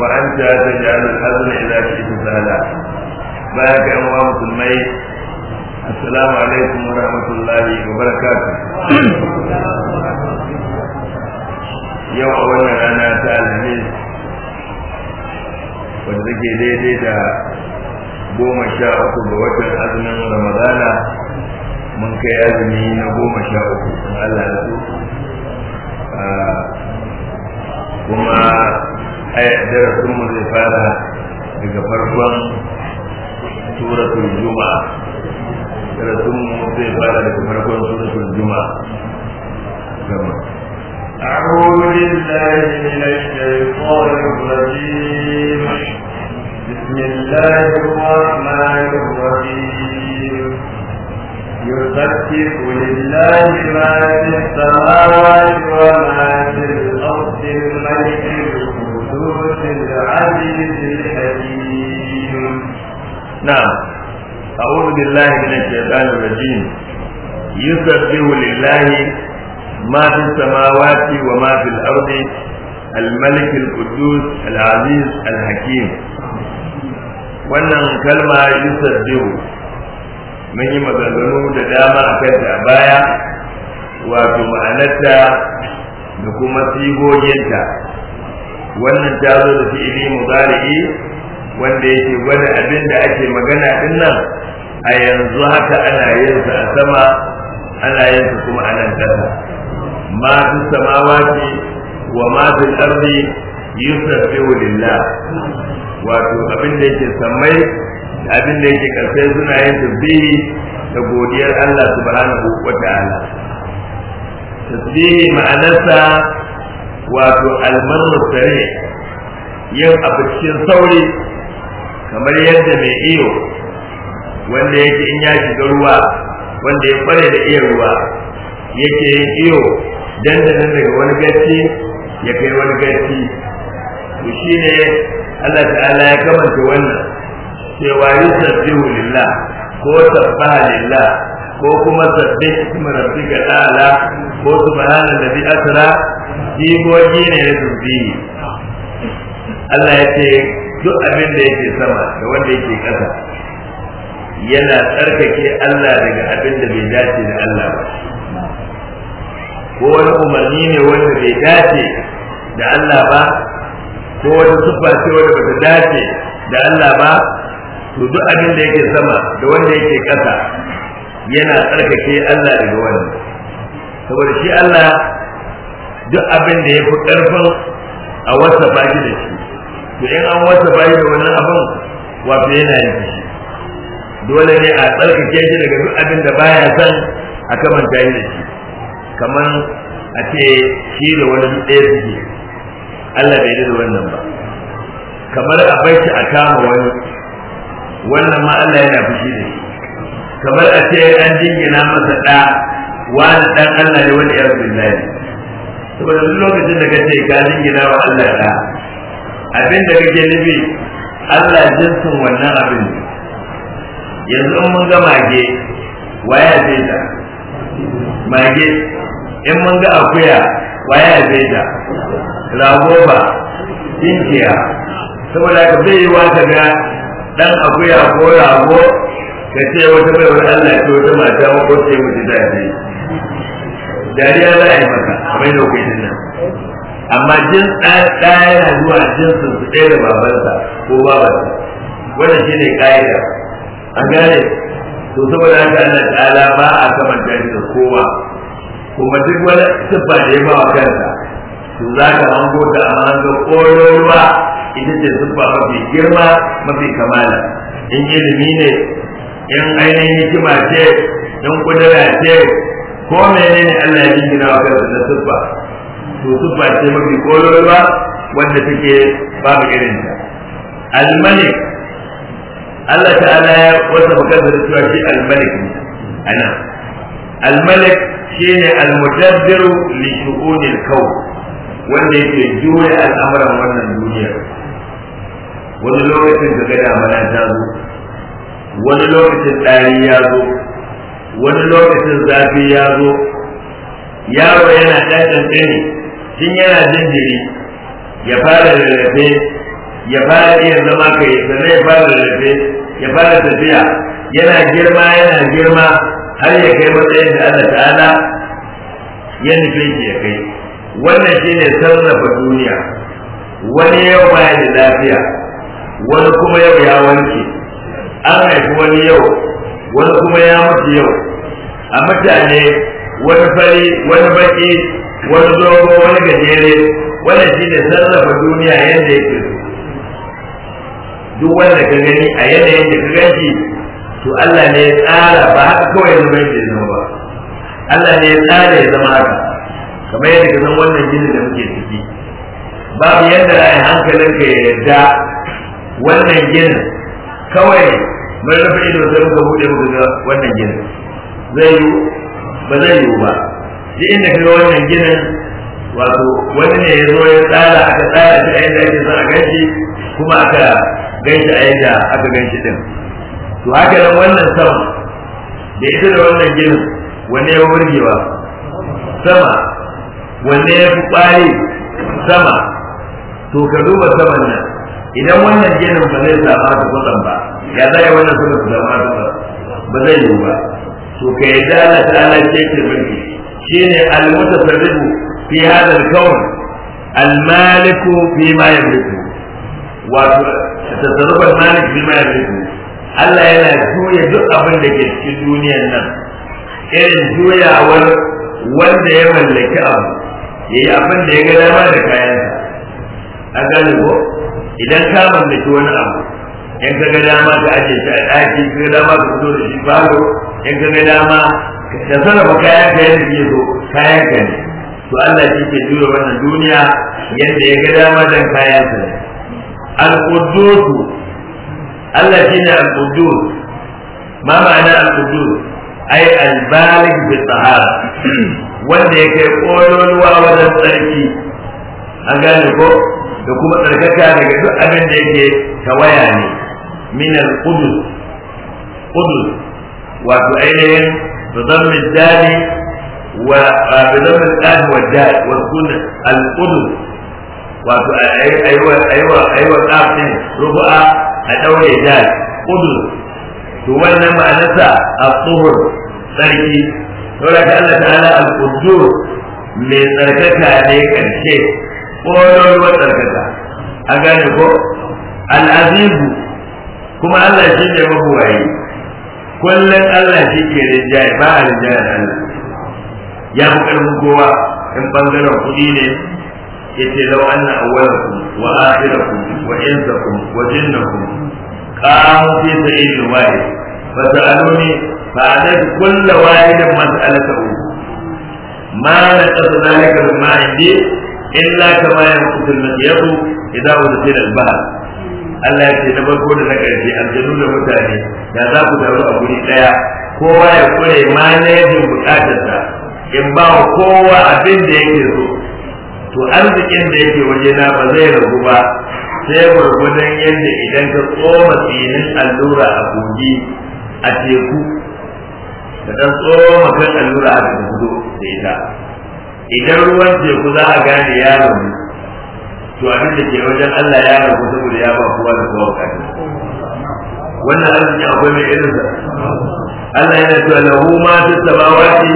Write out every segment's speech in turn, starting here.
wa anta taj'al al-hazna idha shi'ta sahla baya ga yan uwa musulmai assalamu alaikum wa rahmatullahi wa barakatuh yau a wannan rana ta alhamis wadda take daidai da goma sha uku ga watan azumin ramadana mun kai azumi na goma sha uku in Allah ya so kuma darasin mu zai fara daga farkon suratul juma'a darasin mu zai fara daga farkon suratul juma'a gama أعوذ بالله من الشيطان الرجيم بسم الله الرحمن الرحيم يسبح لله ما في السماوات وما في الأرض الملك صدق العزيز الحكيم نعم أعوذ بالله من الشيطان الرجيم يسبح لله ما في السماوات وما في الأرض الملك القدوس العزيز الحكيم wannan kalma yusabbihu mun yi maganganu da dama a kanta a baya wato ma'anarta da kuma sigoginta wannan ta zo da fi'ili mudari'i wanda yake gwada abin da ake magana din nan a yanzu haka ana yin sa a sama ana yin sa kuma a nan kasa ma fi samawati wa ma fi ardi yusabbihu lillah wato abin da yake samai abin da yake kasai suna yin tasbihi da godiyar Allah subhanahu wa ta'ala tasbihi ma'anarsa wato almarar sare yin abu cikin sauri kamar yadda mai iyo wanda yake in ya shiga ruwa wanda ya kware da iya ruwa yake yin iyo dandana daga wani gaci ya kai wani gaci to ne Allah ta'ala ya kamanta wannan cewa yusabbihu lillah ko sabbaha lillah ko kuma sabbe kuma rabbi ga ala ko subhanan da bi asra jigogi ne na dubi Allah ya ce duk abin da yake sama da wanda yake ƙasa yana tsarkake Allah daga abin da bai dace da Allah ba ko wani umarni ne wanda bai dace da Allah ba ko wani siffa ce wanda bata dace da Allah ba to duk abin da yake sama da wanda yake ƙasa yana tsarkake Allah daga wannan saboda shi Allah duk abin da ya fi ƙarfin a wasa baki da shi to in an wasa baki da wannan abin wato yana yin shi dole ne a tsarkake shi daga duk abin da baya son a kamanta yi da shi kamar a ce shi da wani ɗaya suke Allah bai da wannan ba kamar a bai shi a kama wani wannan ma Allah yana fushi da shi kamar a ce an jingina masa ɗa wani ɗan Allah ne wani yar billahi saboda duk lokacin da kace ka jingina wa Allah ɗa abin da kake nufi Allah jinsin wannan abin yanzu in mun ga mage waya zai ta mage in mun ga akuya waya zai ta ragoba injiya. saboda ka bai yi wa ka ga dan akuya ko rago ka ce wata bai wani Allah ce wata mata ko ce mutu da ne dariya za a yi maka a da kai nan amma jin ɗaya na zuwa sun su ɗaya da babansa ko babansa wanda shi ne ƙa'ida an gane to saboda haka Allah ta'ala ba a saman shi da kowa kuma duk wani siffa da ya ba wa kansa to za ka hango ta a hango ƙoron ruwa ita ce siffa mafi girma mafi kamala in ilimi ne in ainihin hikima ce in kudura ce ko menene Allah ya jingina wa kansa na siffa to siffa ce mafi kololuwa wanda take babu irin ta al Allah ta'ala ya wasa kansa da cewa shi al-malik ne ana al shi ne al-mudabbiru li shu'unil kawn wanda yake jure al'amuran wannan duniyar wani lokacin da ga damana ta zo wani lokacin ɗari ya zo wani lokacin zafi ya zo yaro yana ɗan ƙanƙani tun yana jiri, ya fara rarrafe ya fara iya zama kai sannan ya fara rarrafe ya fara tafiya yana girma yana girma har ya kai matsayin da Allah ta'ala ya nufe shi ya kai wannan shine sarrafa duniya wani yau baya da lafiya wani kuma yau ya wanke an haifi wani yau wani kuma ya mutu yau a mutane wani fari wani baki wani dogo wani gajere wani shi ne sarrafa duniya yadda yake duk wanda ka gani a yanayin da ka ganshi to Allah ne ya tsara ba haka kawai zama yake zama ba Allah ne ya tsara ya zama haka kamar yadda ka san wannan gini da muke ciki babu yadda ra'ayin hankalin ka ya yarda wannan ginin kawai mai rufe ido sai muka bude muka ga wannan ginin zai yi ba zai yi ba shi inda ka ga wannan ginin wato wani ne ya zo ya tsara aka tsara shi a yadda ake son a ganshi kuma aka ganshi a yadda aka ganshi din to haka nan wannan sama da ita da wannan ginin wanne ya wurgewa sama wanne ya fi kwari sama to ka duba saman nan idan wannan genin ba zai zama da kusan ba ya zai wannan suka su zama da kusan ba zai yiwu ba to ka yadda Allah ta'ala ce ce mulki shine al-mutasarrifu fi hadha al-kawn al-maliku fi ma yamliku wato tasarrufa al-malik fi ma yamliku Allah yana juya duk abin da ke cikin duniyar nan irin juyawar wanda ya mallaki abu yayi abin da ya ga dama da kayansa an gane ko idan ka mallaki wani abu in ka ga dama ka aje shi a ɗaki ka ga dama ka fito da shi falo in ka ga dama ka sarrafa kayan ka yadda ya zo kayan ka ne to Allah shi ke juya wannan duniya yadda ya ga dama dan kayan ka ne al-quddus Allah shi ne al-quddus ma ma'ana al-quddus ai al-baligh bi tsahara. wanda ya kai koyon wajen tsarki an gane ko da kuma tsarkaka daga duk abin da yake tawaya ne min al-qudus qudus wato ainihin بضم الدال وبضم wa والدال والكون القدس wato ayyuwa tsafin rubu'a a ɗaure dal kudu to wannan ma'anarsa a tsohon tsarki saboda ka Allah ta'ala al-qudus mai tsarkaka ne karshe ƙololuwar tsarkaka a gane ko al'azizu kuma Allah shi ne mabuwayi kullum Allah shi ke rinjaye ba a rinjaye da Allah ya fi ƙarfin kowa in bangaren kuɗi ne ya ce lau an na awalakum wa akhirakum wa insakum wa jinnakum qamu fi waye. Ba su sa'idin wahid fa sa'aluni waye da masu wahidin uku. ma na naqasa dhalika mimma indi illa kama ya yanqutul madiyatu idza ulila al-bahr Allah ya ce na farko da na ƙarshe aljanu da mutane da za ku taru a guri ɗaya kowa ya kure manajin buƙatarsa in ba wa kowa abin da yake so to arzikin da yake waje na ba zai ragu ba sai gwargwadon yadda idan ka tsoma tsinin allura a kogi a teku ka ɗan tsoma kan allura a da ita idan ruwan teku za a gane yaro ne to abin da ke wajen Allah ya rabu saboda ya ba kowa da kowa bukatu wannan arziki akwai mai irin sa Allah yana cewa lahu ma fi samawati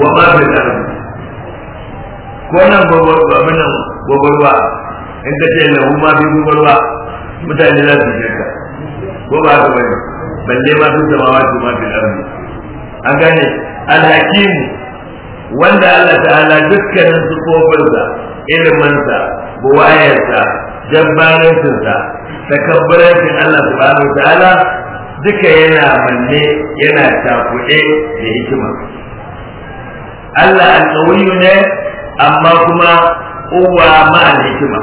wa ma fi al ardh ko nan babarwa abin nan babbarwa in ka ce lahu ma fi babarwa mutane za su ka ko ba haka bane balle ma fi samawati ma fi al ardh an gane al-hakim wanda Allah ta'ala dukkanin sufofinsa iliminsa buwayarsa jabbarancinsa takabbarancin Allah subhanahu ta'ala duka yana manne yana takuɗe da hikima Allah alƙawiyu ne amma kuma uwa ma'al hikima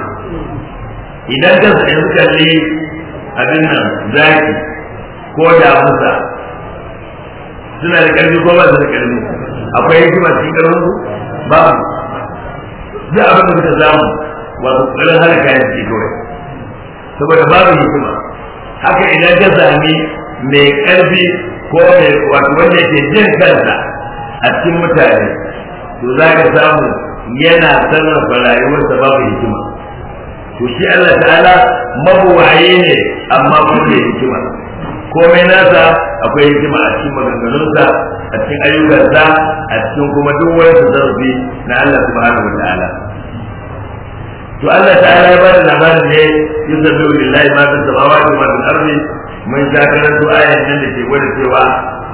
idan ka yanzu kalli abin nan zaki ko damusa suna da ƙarfi ko ba su da ƙarfi akwai hikima cikin garin ku ba duk abin da kuka samu wato tsarin hana kayan ciki kawai saboda babu hikima haka idan ka sami mai karfi ko mai wato wanda ke jin kansa a cikin mutane to za ka samu yana sarrafa rayuwarsa babu hikima to shi Allah ta'ala mabuwaye ne amma kuma hikima komai nasa akwai hikima a cikin maganganunsa a cikin ayyukansa a cikin kuma duk wani tazarfi na Allah subhanahu wataala to Allah ta'ala ya bada labarin ne yusabbihu lillahi ma fi samawati wa fil ardi mun ja karanto ayan nan da ke gwada cewa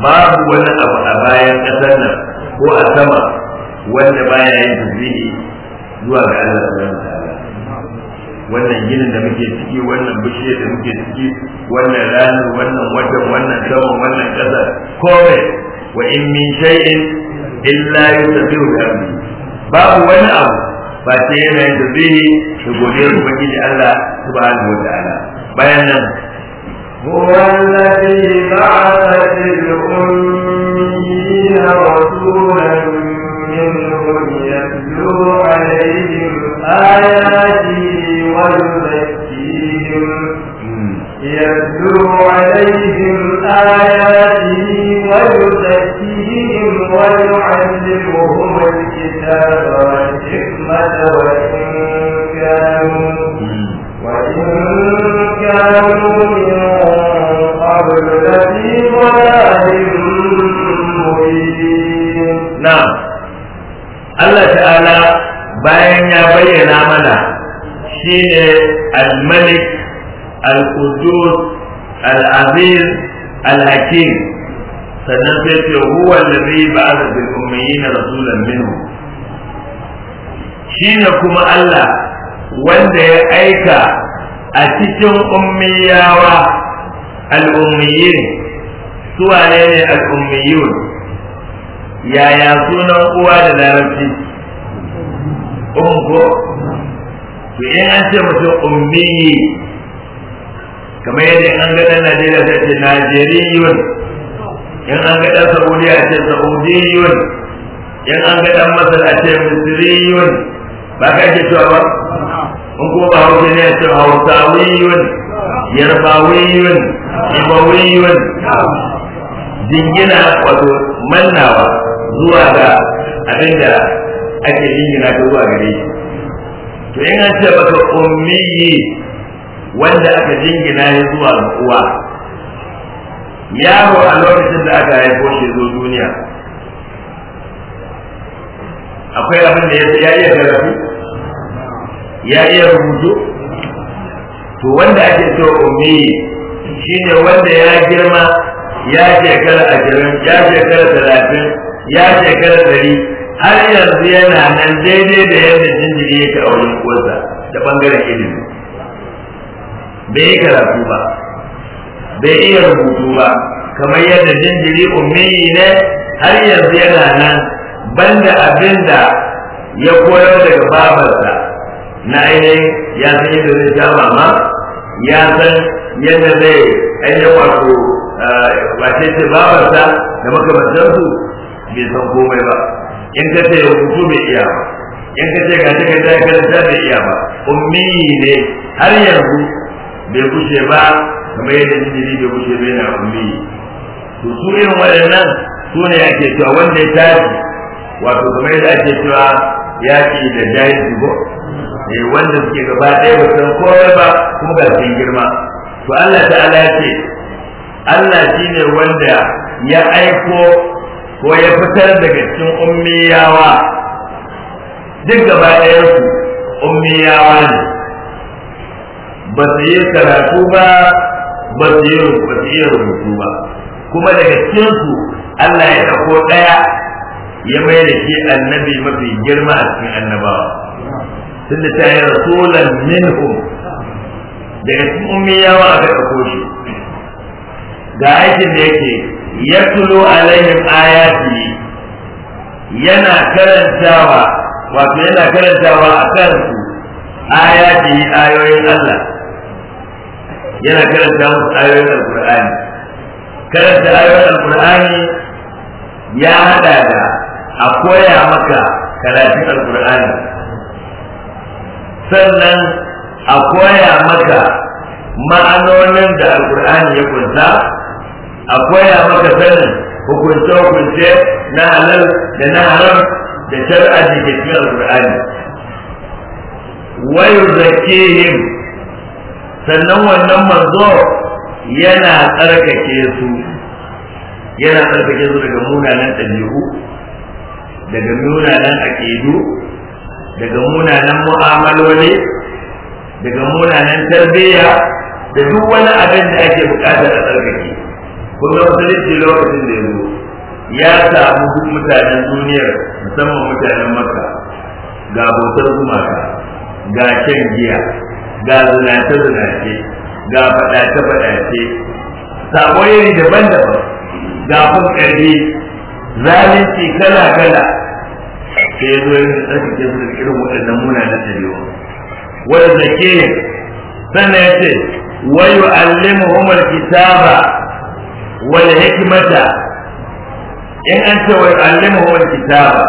babu wani abu a bayan ƙasar nan ko a sama wanda baya yin tasbihi zuwa ga Allah subhanahu wataala wannan ginin da muke ciki wannan bishiyar da muke ciki wannan ranar wannan watan wannan saman wannan ƙasa kome wa in min shay'in illa yusabbihu bihamdi babu wani abu ba sai yana yin tasbihi da godiyar ubangiji Allah subhanahu wataala bayan nan هو الذي بعث في الأميين رسولا منهم يتلو عليهم آياته ويزكيهم يتلو عليهم آياته ويزكيهم ويعلمهم الكتاب والحكمة وإن كانوا وإن كانوا من قبل لفي ضلال مبين نعم Allah ta'ala bayan ya bayyana mana shine al-malik al-qudus al-aziz al-hakim sannan sai ce huwa allazi ba'atha bil ummiyin rasulan minhu shine kuma Allah wanda ya aika a cikin ummiyawa al-ummiyin suwane ne al-ummiyun yaya sunan uwa da larabci ungo to in an ce mutum ummi kamar yadda an ga dan Najeriya sai ce Najeriyun in an ga dan Saudiya ce Saudiyun in an ga dan Masar a ce Misriyun ba ka ce cewa ba ungo kuma ba hausa ne a ce Hausawiyun Yarbawiyun Ibawiyun jingina wato mannawa zuwa ga abin da ake jingina ta zuwa gare shi to in an ce maka ummiyi wanda aka jingina ya zuwa ga uwa yaro a lokacin da aka haifo shi zo duniya akwai abin da ya iya karatu ya iya rubutu to wanda ake cewa ummiyi shine wanda ya girma ya shekara ashirin ya shekara talatin ya shekara dari har yanzu yana nan daidai da yadda jinjiri ya a wurin kosa da bangaren ilimi bai yi karatu ba bai iya rubutu ba kamar yadda jinjiri ummi ne har yanzu yana nan banda abin da ya koyar daga babarsa na ainihin ya san yadda zai sha mama ya san yadda zai ainihin wato wace eh, ce babarsa da makamantansu bai san komai ba in ka ce rubutu bai iya ba in ka ce ga ta kai ta karanta bai iya ba ummi ne har yanzu bai kushe ba kamar yadda jinjiri bai kushe bai na ummi to su irin waɗannan su ne ake cewa wanda ya tashi wato kamar yadda ake cewa yaƙi da jayin zubo ne eh, wanda suke gaba ɗaya ba san komai ba kuma ga sun girma to Allah ta'ala ya ce Allah shi ne wanda ya aiko ko ya fitar daga cikin ummiyawa duk gaba ɗayansu ummiyawa ne ba su yi karatu ba ba su yi rubutu ba kuma daga cikinsu Allah ya ɗauko ɗaya ya mai da shi annabi mafi girma a cikin annabawa tun da ta yi rasulan minhum daga cikin ummiyawa aka ɗauko shi ga aikin da yake yatlu alaihim ayati yana karantawa wato yana karantawa a kansu ayati ayoyin Allah yana karanta musu ayoyin alqur'ani karanta ayoyin alqur'ani ya hada da a koya maka karatun alqur'ani sannan a koya maka ma'anonin da alkur'ani ya kunsa a koya maka sanin hukunce-hukunce na halal da na haram da shar'a da ke cikin alƙur'ani wayu zakihim sannan wannan manzo yana tsarkake su yana tsarkake su daga munanan ɗabi'u daga munanan aƙidu daga munanan mu'amaloli daga munanan tarbiyya da duk wani abin da ake buƙatar a tsarkake kuma ga musulunci lokacin da ya zo ya samu duk mutanen duniyar musamman mutanen maka. ga bautar gumaka ga shan giya ga zinace-zinace ga faɗace-faɗace sabo iri daban-daban ga kun ƙarfi zalunci kala-kala sai ya zo da tsarki ke su da irin waɗannan na tarewa wanda ke sannan ya ce wayu umar kitaba wal hikmata in an ce wa kitaba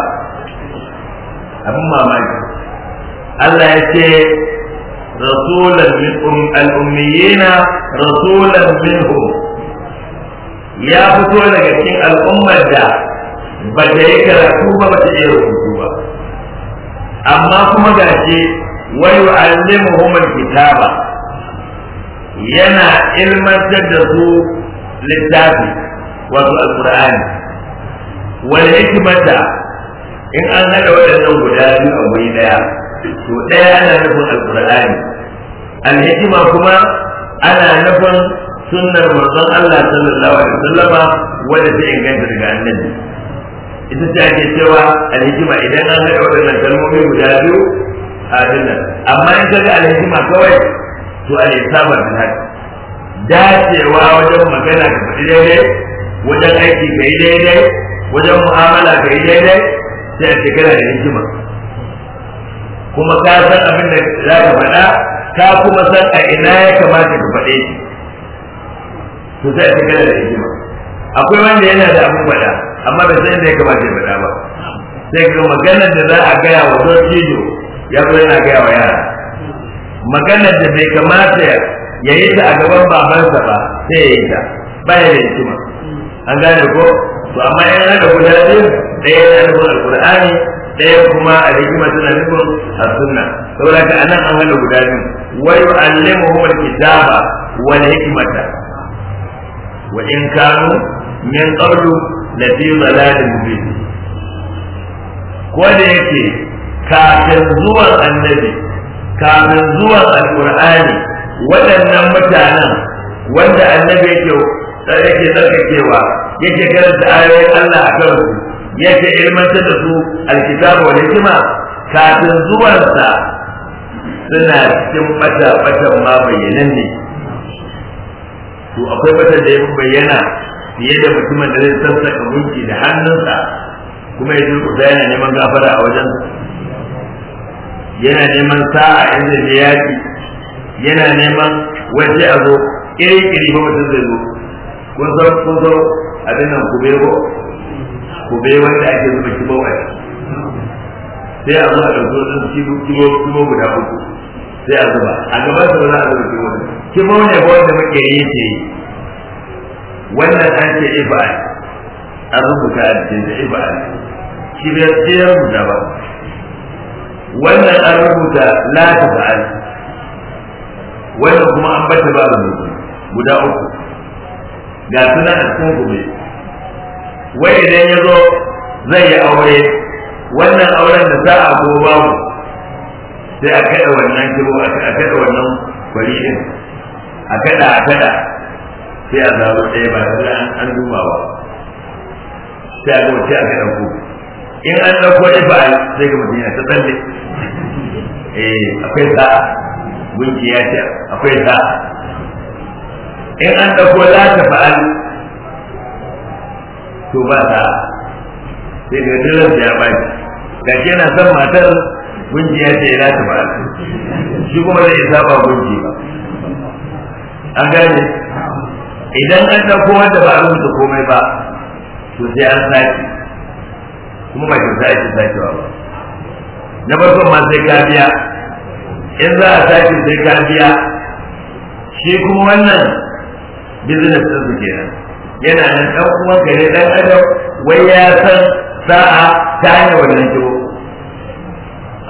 abin mamaki Allah ya ce rasulan min al-ummiyina rasulan minhum ya fito daga cikin al'ummar da ba ta yi karatu ba ba ta iya rubutu ba amma kuma ga wai kitaba yana ilmantar da su littafi wato alqur'ani wal hikmata in an hada waɗannan guda biyu a wuri daya to ɗaya ana nufin alqur'ani al hikma kuma ana nufin sunnar manzon Allah sallallahu alaihi wasallama wanda ta inganta daga annabi ita ce ake cewa alhikima idan an haɗa waɗannan kalmomi guda biyu a dinnan amma in ka ga alhikima kawai to al-isama bin hadi dacewa wajen magana ka faɗi daidai wajen aiki ka yi daidai wajen mu'amala ka yi daidai sai a ce da hikima kuma ka san abin da za ka faɗa ka kuma san a ina ya kamata ka faɗe shi to sai a ce da hikima akwai wanda yana da abin faɗa amma bai san da ya kamata ya faɗa ba sai ga maganar da za a gaya wa dokiyo ya zo yana gaya wa yara maganar da bai kamata ya yi ta a gaban babansa ba sai ya yi ta baya da hikima an gane ko to amma yan haka guda biyu ɗaya yana nufin alkur'ani ɗaya kuma a hikima tana nufin sunna saboda ka anan an hana guda biyu wa yu'allimuhum alkitaba wal hikmata wa in kanu min qablu fi dhalalin mubin ko da yake kafin zuwan annabi kafin zuwan Alƙur'ani. waɗannan mutanen wanda annabi yake yake tsarkakewa yake karanta ayoyin Allah a kan su yake ilmantar da su alkitabu wal hikima kafin zuwansa suna cikin bata batan ma bayyanan ne to akwai bata da ya bayyana fiye da mutumin da zai sassaka gunki da hannunsa kuma ya kusa yana neman gafara a wajen yana neman sa'a inda ya yaki yana neman wace a zo iri iri ba mutum zai zo kun zo kun zo abin nan kube ko kube wanda ake zuba kibo a sai a zo a ɗauki wasu kibo kibo guda uku sai a zuba a gaba sa wani a zuba kibo kibo ne ba wanda muke yi ce wannan an ce ibad an rubuta a cikin da ibad shi bai tsayar da ba wannan an rubuta la ta fa'al wanda kuma an bata babu ne guda uku ga suna a cikin gobe wai idan ya zo zai yi aure wannan auren da za a go babu sai a kaɗa wannan kibo a kaɗa wannan kwari ɗin, a kada a kada sai a zaro ɗaya ba tare an duba ba sai a gaba sai a kaɗa ku in an ɗauko ɗaya ba sai ga mutum ya ta tsalle eh akwai sa'a gunki ya ce akwai za in an ɗauko za ta fa’an to ba ta sai da tilas ya ba ga ke na son matar gunki ya ce ya ta fa’an shi kuma zai ba gunki ba an gane idan an ɗauko wanda ba a rubuta komai ba to sai an sake kuma ba kyauta ake sakewa ba na farkon ma sai kariya in za a tashi sai ka biya shi kuma wannan business din su kenan yana nan dan kuma gare dan adam wai ya san sa'a ta hanyar wannan kiwo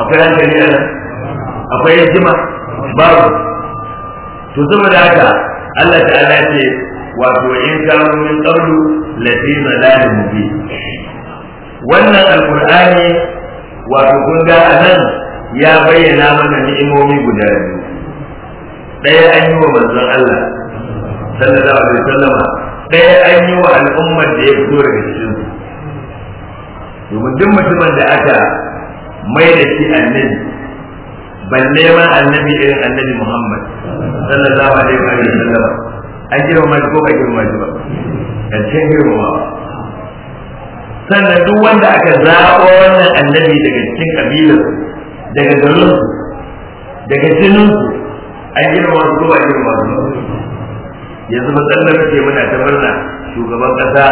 akwai hankali a nan akwai hikima babu to saboda haka Allah ta'ala ce wato in kanu min qawlu lafi zalalin mubin wannan alqur'ani wato kun ga anan ya bayyana mana ni'imomi guda biyu ɗaya an yi wa manzon Allah sallallahu alaihi wasallam ɗaya an yi wa al'ummar da ya fito daga cikin su domin duk mutumin da aka mai da shi annabi ban nema annabi irin annabi Muhammad sallallahu alaihi wasallam an girma shi ko ba girma shi ba ma girma sannan duk wanda aka zaɓo wannan annabi daga cikin kabilar daga garin daga jinin an girma su ba girma su yanzu matsalar ce muna ta murna shugaban kasa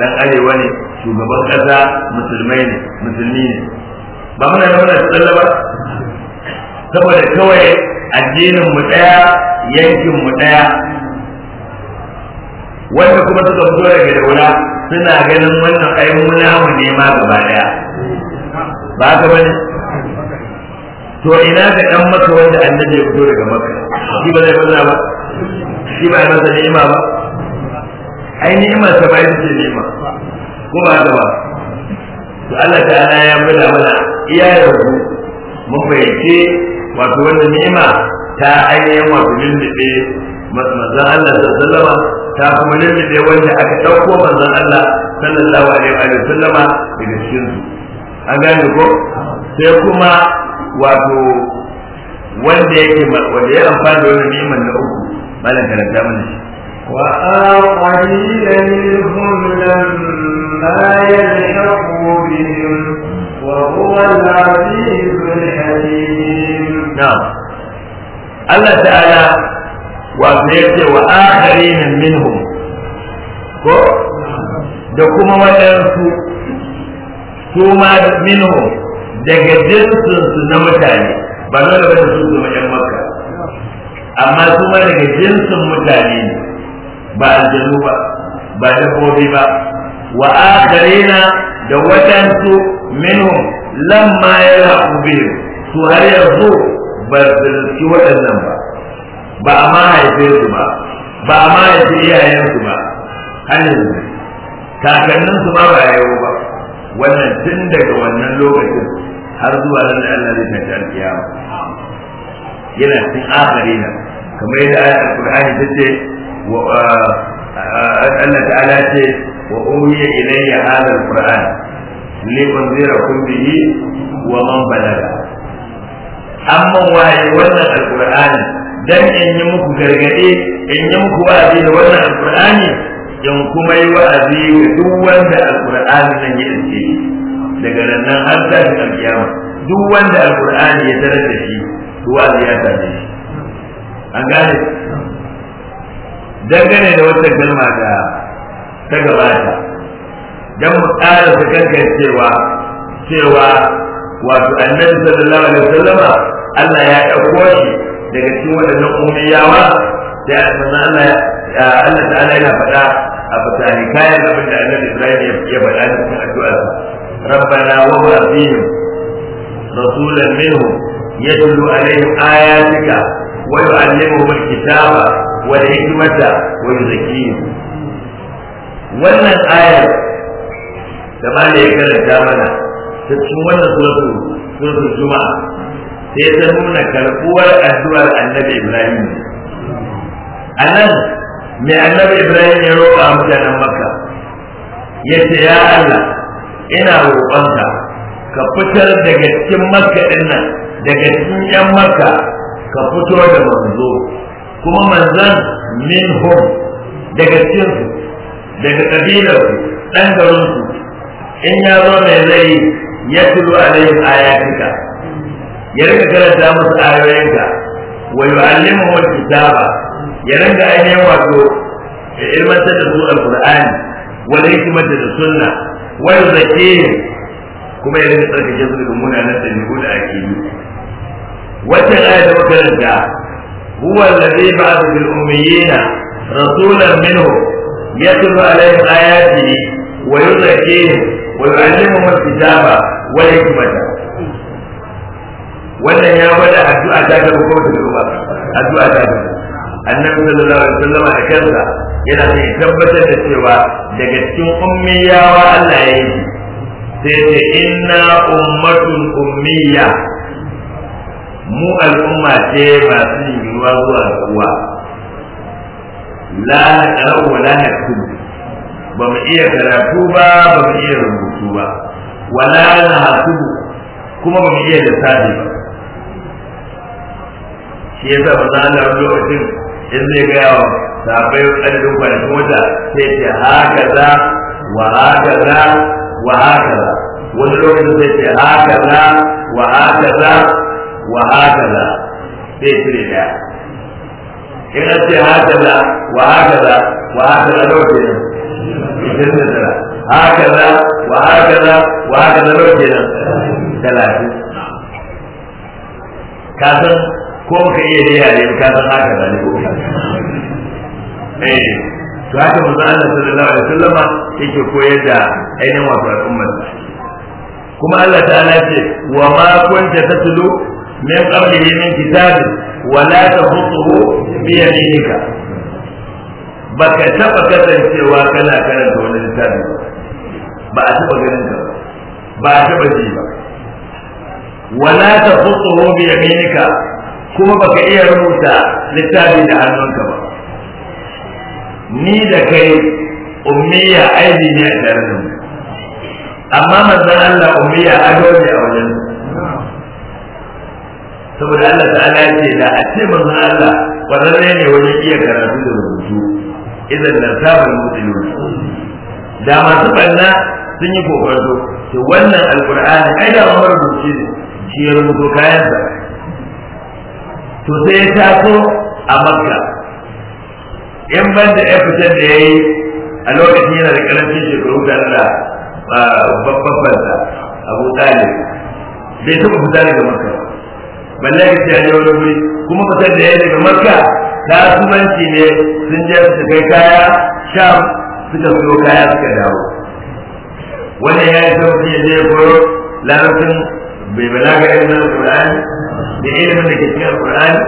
dan arewa ne shugaban kasa musulmai ne musulmi ne ba muna da muna tsalla ba saboda kawai addinin mu daya yankin mu daya wanda kuma suka fito daga daula suna ganin wannan ai muna mu ne ma gaba daya ba ka bane to ina ga dan maka wanda annabi ya fito daga maka shi ba zai maza ba shi ba zai ima ba ai ima ta bai da ni kuma ko ba to Allah ta'ala ya bada mana iya ku mun bayyace wato wannan ni'ima ta ainihin wato lullube manzon Allah sallama ta kuma lullube wanda aka dauko manzon Allah sallallahu alaihi wa sallama daga cikin su an gane ko sai kuma wato wanda yake wanda ya amfani da wannan ni'imar na uku malam karanta mana shi wa aqalila minhum lamma yalhaqu bihim wa huwa al-azizul hakim na'am Allah ta'ala wato ya ce wa akharina ko da kuma waɗansu su daga jinsinsu na mutane ba za da wani su zama yan makka amma su daga jinsin mutane ne ba aljanu ba ba kobi ba wa na, da wadansu minu lamma ya yalhaqu biyu, su har yanzu ba su waɗannan ba ba a ma haife su ba ba a ma haife iyayensu ba hannun su kakannin ma ba yayo ba wannan tun daga wannan lokacin har zuwa nan da Allah zai tashi alkiyama yana cikin akharina kamar yadda ayat alqur'ani take wa uh, uh, Allah ta'ala ce wa umiya ilayya hadha alqur'an li unzirakum bihi wa man balaga amma waye wannan alqur'ani dan in yi muku gargade in yi muku wa'azi da wannan alqur'ani in kuma yi wa'azi duk wanda alqur'ani nan ya iske daga nan har tashi alkiyama duk wanda alqur'ani ya tarar da shi ruwa zai ya same shi an gane dangane da wata kalma da ta gabata dan mu tsara su kanka cewa cewa wato annabi sallallahu alaihi wasallama Allah ya ɗauko shi daga cikin waɗannan umiyawa sai Allah Allah ta'ala yana faɗa a fasali kayan abin da annabi Ibrahim ya faɗa cikin addu'a ربنا وهو فيهم رسولا منهم يتلو عليهم آياتك ويعلمهم الكتاب والحكمة ويزكيهم wannan ayar da ma da ya karanta mana ta cikin wannan suratu suratu juma'a sai ta nuna karɓuwar addu'ar annabi ibrahim a nan mai annabi ibrahim ya roƙa mutanen makka ya ce ya allah ina roƙonka ka fitar daga cikin makka nan daga cikin yan makka ka fito da manzo kuma manzan minhum daga cikin su daga kabilar su dan garin su in ya zo mai zai ya tulu alaihim ayatika ya rika karanta musu ayoyinka wa yu'allimuhum kitaba ya rinka ainihin wato ya ilmantar da su alqur'ani da hikmata da sunna wani zake kuma ya rinka tsarkake su daga munanan ɗabi'u da ake yi wacce aya da makaranta huwa allazi ba'atha bil ummiyina rasulan minhu wannan ya bada addu'a ta ga kowace al'umma addu'a ta ga annabi sallallahu alaihi wasallam da kansa yana sai tabbatar da cewa daga cikin ummiyawa Allah ya yi sai ce inna ummatun ummiya mu al'umma ce masu yiwuwa zuwa kuwa la naqra'u wa la naktubu ba mu iya karatu ba ba mu iya rubutu ba wala nahsubu kuma ba mu iya lissafi ba shi yasa ba za a lokacin in zai gaya wa sabai ɗan kwanakin wata sai ce haka za wa haka za wa haka za wani lokacin sai ce haka za wa haka za wa haka za sai cire ɗaya in an ce haka za wa haka za wa haka za lokacin ishirin da tara haka za wa haka za wa haka za lokacin talatin ka ko baka iya daina ne ka san haka da ne ko ka eh to haka manzo Allah sallallahu alaihi wasallama yake koyar da ainihin wato al'ummar kuma Allah ta'ala ce wa ma kunta tatlu min qablihi min kitabin wa la tahutuhu bi ba baka taba kasancewa kana karanta wani littafi ba a taba ganin ka ba a taba ji ba wala ta tahutuhu bi yaminika kuma baka iya rubuta littafi da hannunka ba ni da kai ummiya aibi ne a tare da mu amma manzon Allah ummiya ado ne a wajen saboda Allah ta'ala ya ce da a ce manzon Allah kwararre ne wajen iya karatu da rubutu idan na sabar mutilu da masu banna sun yi kokarto to wannan alqur'ani ai da marubuci ne shi ya rubuto kayansa to sai ya taso a makka in ban da ya fitar da ya yi a lokacin yana da karancin shekaru da da babban banza abu talib bai taɓa fita daga makka balle ya ce a yau da wuri kuma fitar da ya daga makka asubanci ne sun je su kai kaya sham suka fito kaya suka dawo wannan ya yi sauki ya je koyo larabcin bai balaga irin nan Qur'ani da ilimin da ke cikin alkur'ani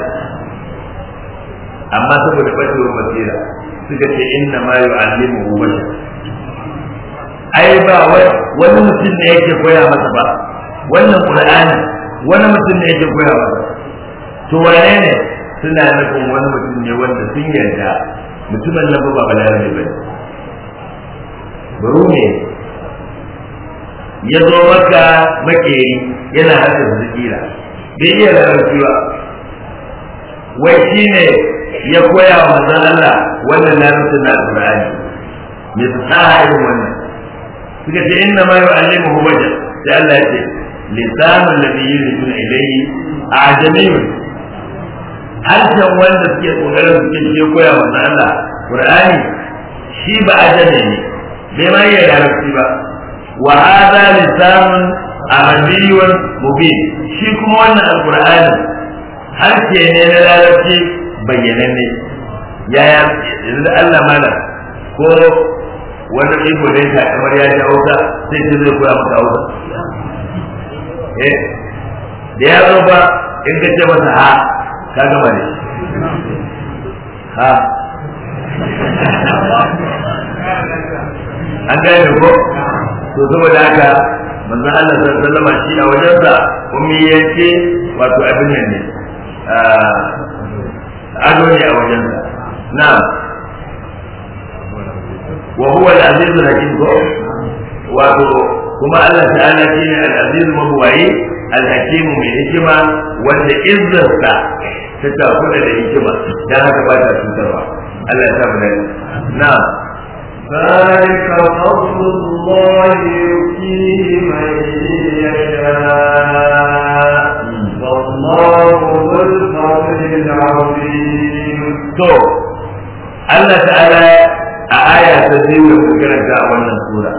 amma saboda wa basira suka ce inna ma yu'allimuhu bashar ai ba wani mutum ne yake koya masa ba wannan qur'ani wani mutum ne yake koya masa to wane ne suna nufin wani mutum ne wanda sun yarda mutumin nan ba balarabe bane baro ne ya zo maka makeri yana haka zikira bai iya larabci ba wai shi ne ya koya wa mazan Allah wannan larabcin na Qur'ani me fasaha irin wannan suka ce inna ma yu'allimuhu wajh sai Allah ya ce da suna ilayi a ajamiyun harshen wanda suke kokarin suke shi koya wa mazan Allah Qur'ani shi ba ajami ne bai ma iya larabci ba wa hadha lisanun arabiyyun mubi shi kuma wannan har harshe ne na larabci bayyananne yaya yanzu Allah mana ko wani iko da ta kamar ya ji hausa sai shi zai koya maka hausa eh, da ya zo ba in ka ce masa ha ka gama ne ha an gane ko to saboda haka manzo Allah sallallahu alaihi shi a wajensa ummi yace wato abin nan ne ado ne a wajensa Na. wa huwa al-aziz al-hakim ko wato kuma Allah ta'ala shine al-aziz mabuwayi al-hakim mai hikima wanda izzarsa ta tafi da hikima dan haka ba ta cutarwa Allah ya sa mu na'am ذلك فضل الله يؤتيه من يشاء والله ذو الفضل العظيم تو الله تعالى آية تزيد وكرة دعوانا السورة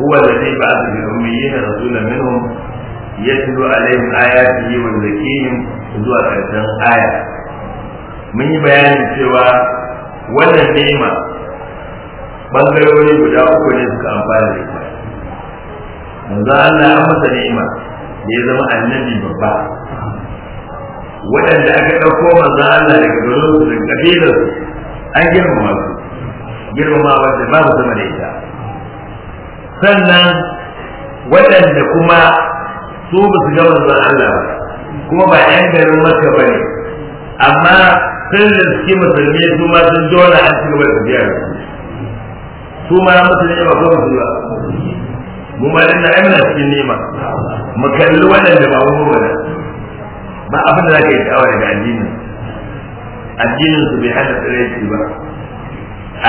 هو الذي بعث في رسولا منهم يتلو عليهم آياته ويزكيهم zuwa ƙarshen aya mun yi bayanin cewa wannan ni'ima bangarori guda uku ne suka amfana da ita manzo Allah ya masa ni'ima da ya zama annabi babba waɗanda aka ɗauko manzo Allah daga garin su daga kabilar an girmama su girmama wanda babu zama da ita sannan waɗanda kuma su ba su ga manzon Allah ba kuma ba 'yan garin maka ba ne amma sun da suke musulmi su ma sun dole an ci gaba da tafiya su su ma ya mutu ba ko su ba mu ma dinna ai cikin nima mu kalli wannan ba mu ba ba abin da zaka yi da'awa da addinin addinin su bai hana tsiraici ba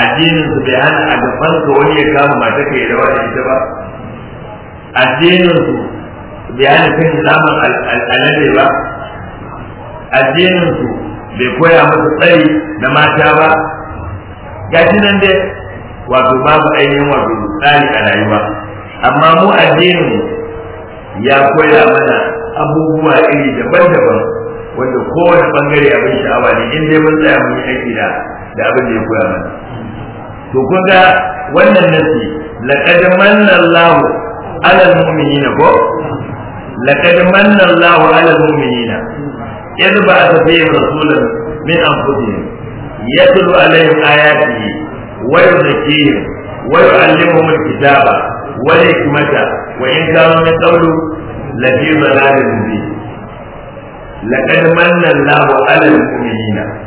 addinin su bai hana a gaban ka wani ya kama mata ka yi rawa da ita ba addinin su bai hana kan zaman al'alade ba addinin su bai koya musu tsari da mata ba gashi nan dai wato babu ainihin wato tsari a rayuwa amma mu addinin ya koya mana abubuwa iri daban-daban wanda kowane bangare abin sha'awa ne in dai mun tsaya mun yi aiki da da abin da ya koya mana to kun wannan nasi laqad manna Allahu 'ala al-mu'minina ko لقد من الله على المؤمنين إذ بعث فيهم رسولا من أنفسهم يتلو عليهم آيات ويزكيهم ويعلمهم الكتاب والحكمة وإن كانوا من قبل لفي ضلال مبين لقد من الله على المؤمنين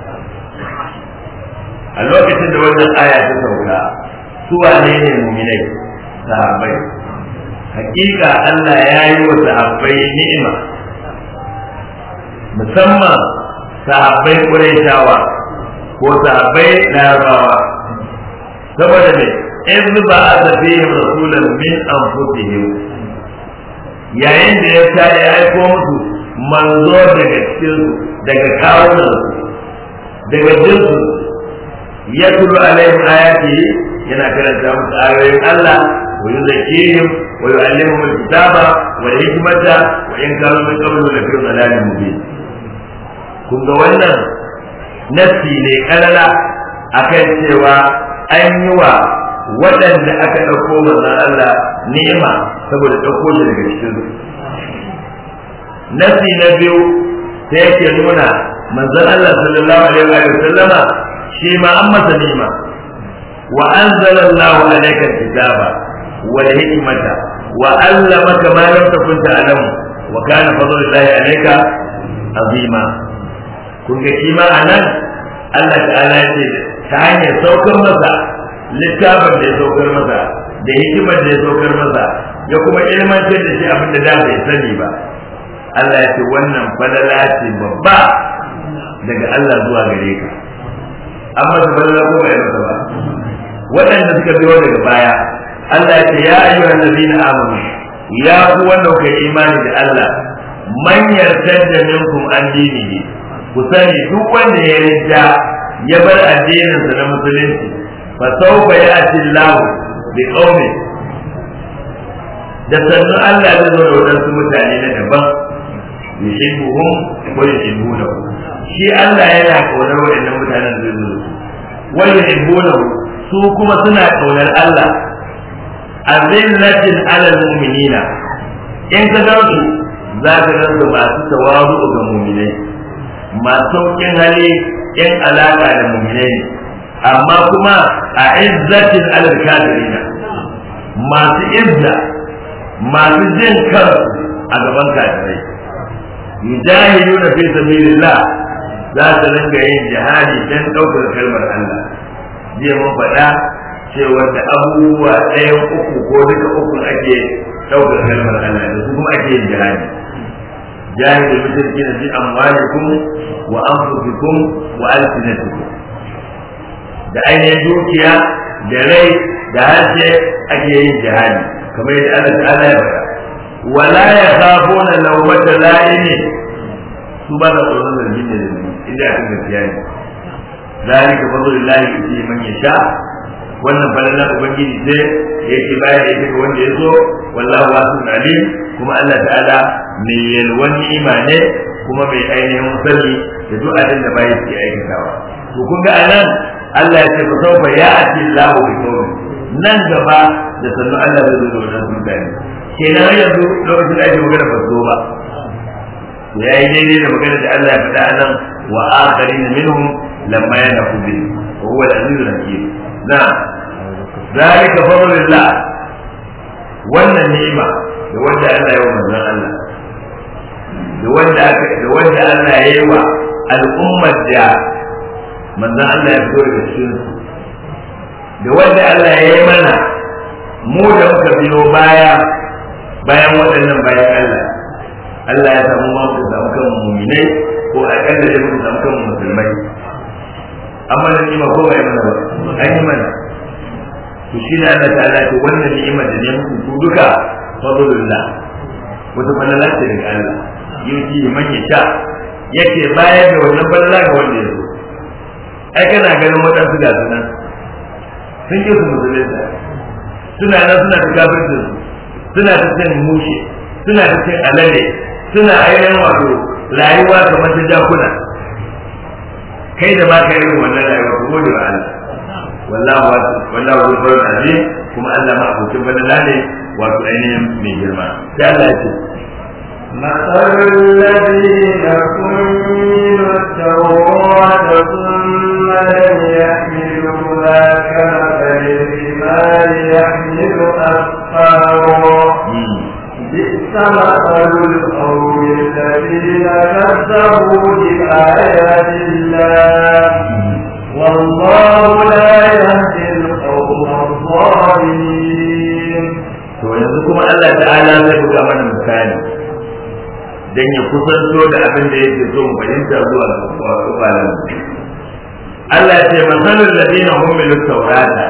a lokacin da wannan aya ta sauka su wane ne muminai sahabbai hakika Allah ya yi wa sahabbai ni'ima musamman sahabbai ƙurayshawa ko sahabbai larabawa saboda ne in ba a tafi rasulan min anfusihim yayin da ya ta ya aiko musu manzo daga cikin daga kawunan daga jinsu ya tulu alaihim ayati yana karanta musu ayoyin Allah wa yuzakkihim wa yu'allimuhum al-kitaba wal hikmata wa in kanu min qablu la fi dhalalin mubin kun ga wannan nafsi ne kalala akan cewa an yi wa waɗanda aka ɗauko manzon Allah nema saboda ɗauko shi daga cikin su nasi na biyu sai yake nuna manzon Allah sallallahu alaihi wa sallama shi ma an masa ni'ima wa anzala Allahu alayka kitaba wal hikmata wa allamaka ma lam takun ta'lamu wa kana fadlullahi alayka azima kun ga shi ma nan? Allah ta'ala ya ce ta hanyar saukar masa littafin da ya saukar masa da hikimar da ya saukar masa ya kuma ilmantar da shi abin da da bai sani ba Allah ya ce wannan fadala ce babba daga Allah zuwa gare ka amma su fadala ko bai masa ba waɗanda suka biyo daga baya Allah ya ce ya ayyuhan na amanu ya ku wanda kai imani da Allah man yarda minkum an dinihi ku sani duk wanda ya yarda ya bar addinin sa na musulunci fa ya ci Allah bi qaumin da sannu Allah zai zo da wadansu mutane na daban yuhibbuhum wa yuhibbunahu shi Allah yana kaunar waɗannan mutanen zai zo su wa yuhibbunahu su kuma suna kaunar Allah lajin alal mu'minina in ka ga su za ka ga masu tawadu ga mu'minai masu sauƙin hali yan alaka da mu'minai ne amma kuma a izzatin alal ina, masu izza masu jin kan a gaban kafirai nuna fi sabilillah za su ringa yin jihadi don ɗaukar kalmar Allah je mun faɗa cewa da abubuwa ɗayan uku ko duka uku ake ɗaukar kalmar Allah da su kuma ake yin jihadi جاهد المشركين في أموالكم وأنفسكم وألسنتكم da ainihin dukiya da rai da harshe ake yin jihadi kamar yadda Allah ta'ala ya faɗa wala ya khafuna lawmata la'ini su ba da tsoron zargin da zargi inda aka gaskiya ne zalika fadlullahi yuti man yasha wannan falala ubangiji ce yake baya ya ga wanda ya zo wallahu wasun Ali. kuma Allah ta'ala mai yalwan ni'ima ne kuma mai ainihin musalli da duk abin da bayan suke aikatawa to kun ga anan Allah ya ce fa sawfa ya'ti Allahu bi qawmin nan gaba da sannu Allah zai zo da wannan mutane kenan yanzu lokacin da ake magana ba zo ba ya yi daidai da magana da Allah ya faɗa nan wa akharin minhum lamma yanafu bi wa huwa al-azizul hakim نعم ذلك فضل الله wannan ni'ima da wanda Allah ya wa manzon Allah da wanda Allah ya yi wa al'ummar da manzon Allah ya fito da cikin da wanda Allah ya yi mana mu da muka biyo baya bayan waɗannan bayan Allah Allah ya samu ma ku samu ko a musulmai amma da ni'ima ko bai mana ba an yi mana to shi ne Allah ta'ala ce wannan ni'ima da ne muku ku duka fadlullah wato falala ce daga Allah yuti man ta yake bayar da wannan falala ga wanda ya zo ai kana ganin wadansu ga sunan sun yi su musulunta suna nan suna ta kafircin su suna ta cin mushe suna ta cin alale suna ainihin wato rayuwa kamar ta jakuna kai da ba ka yi wannan rayuwa ko gode wa Allah wallahu wallahu rabbul azim kuma Allah ma abokin balala ne wato ainihin mai girma sai Allah ya ce مثل الذين حملوا التوراة ثم لم يحملوها كمثل الحمار يحمل أثقالا بئس مثل القوم الذين كذبوا بآيات الله والله لا يهدي القوم الظالمين ويذكر الله تعالى زي كمان مثالي dan ya kusanto da abin da yake so mu fahimta zuwa ga kwalan Allah ya ce masalul ladina hum min tawrata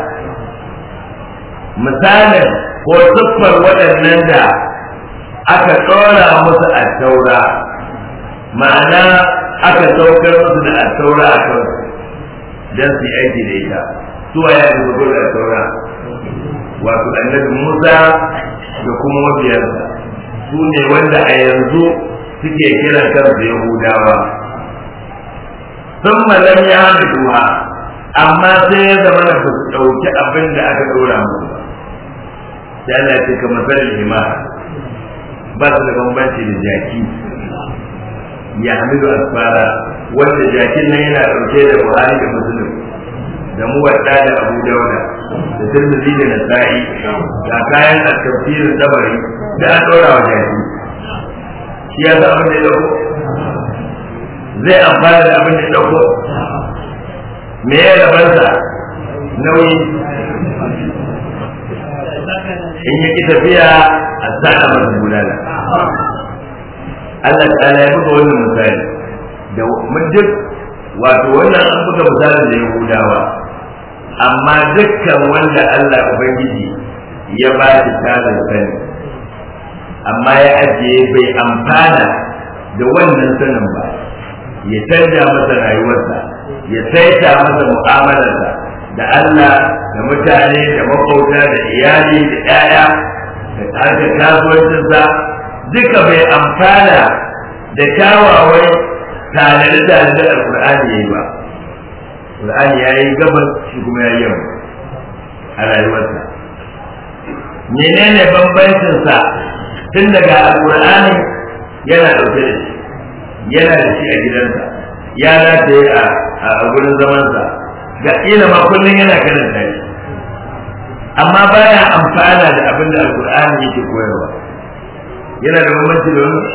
misalin ko tuffar waɗannan da aka tsora musu a taura, ma'ana aka saukar musu da a taura a kan don su yi aiki da ita suwa ya da zuwa da taura, wato annabi musa da kuma mabiyarsa su ne wanda a yanzu suke kiran kansu yahudawa sun malam ya duha amma sai ya zama da su ɗauki abin da aka ɗora musu ba. Yana ce kamar sanin himar ba su da bambanci da jaki ya da asfara wanda jakin nan yana ɗauke da buhari da musulun da muwadda da abu dauda da tirmidhi da nasa'i da kayan at-tafsirin tabari da an ɗora wa jaki shi ya sa abin da ya dauko zai amfana da abin da ya dauko me ya rabarsa nauyi in yi tafiya a tsada masa gudana. Allah ta'ala ya buga wannan misali da duk wato wannan an buga misalin da Yahudawa amma dukkan wanda Allah ubangiji ya ba shi tarin sani amma ya ajiye bai amfana da wannan sanin ba ya canja masa rayuwarsa ya saita masa mu'amalarsa da Allah da mutane da makauta da iyali da 'ya'ya da kasuwancinsa duka bai amfana da kyawawan tanade da alkur'ani ya yi ba alkur'ani ya yi gaban shi kuma ya yi a rayuwarsa menene bambancinsa tun daga Alƙur'ani yana ɗauke da shi yana da shi a gidansa ya dace a gurin zamansa ga kila ma kullum yana karanta shi amma baya amfana da abin da alkur'ani yake koyarwa yana da bambanci da wani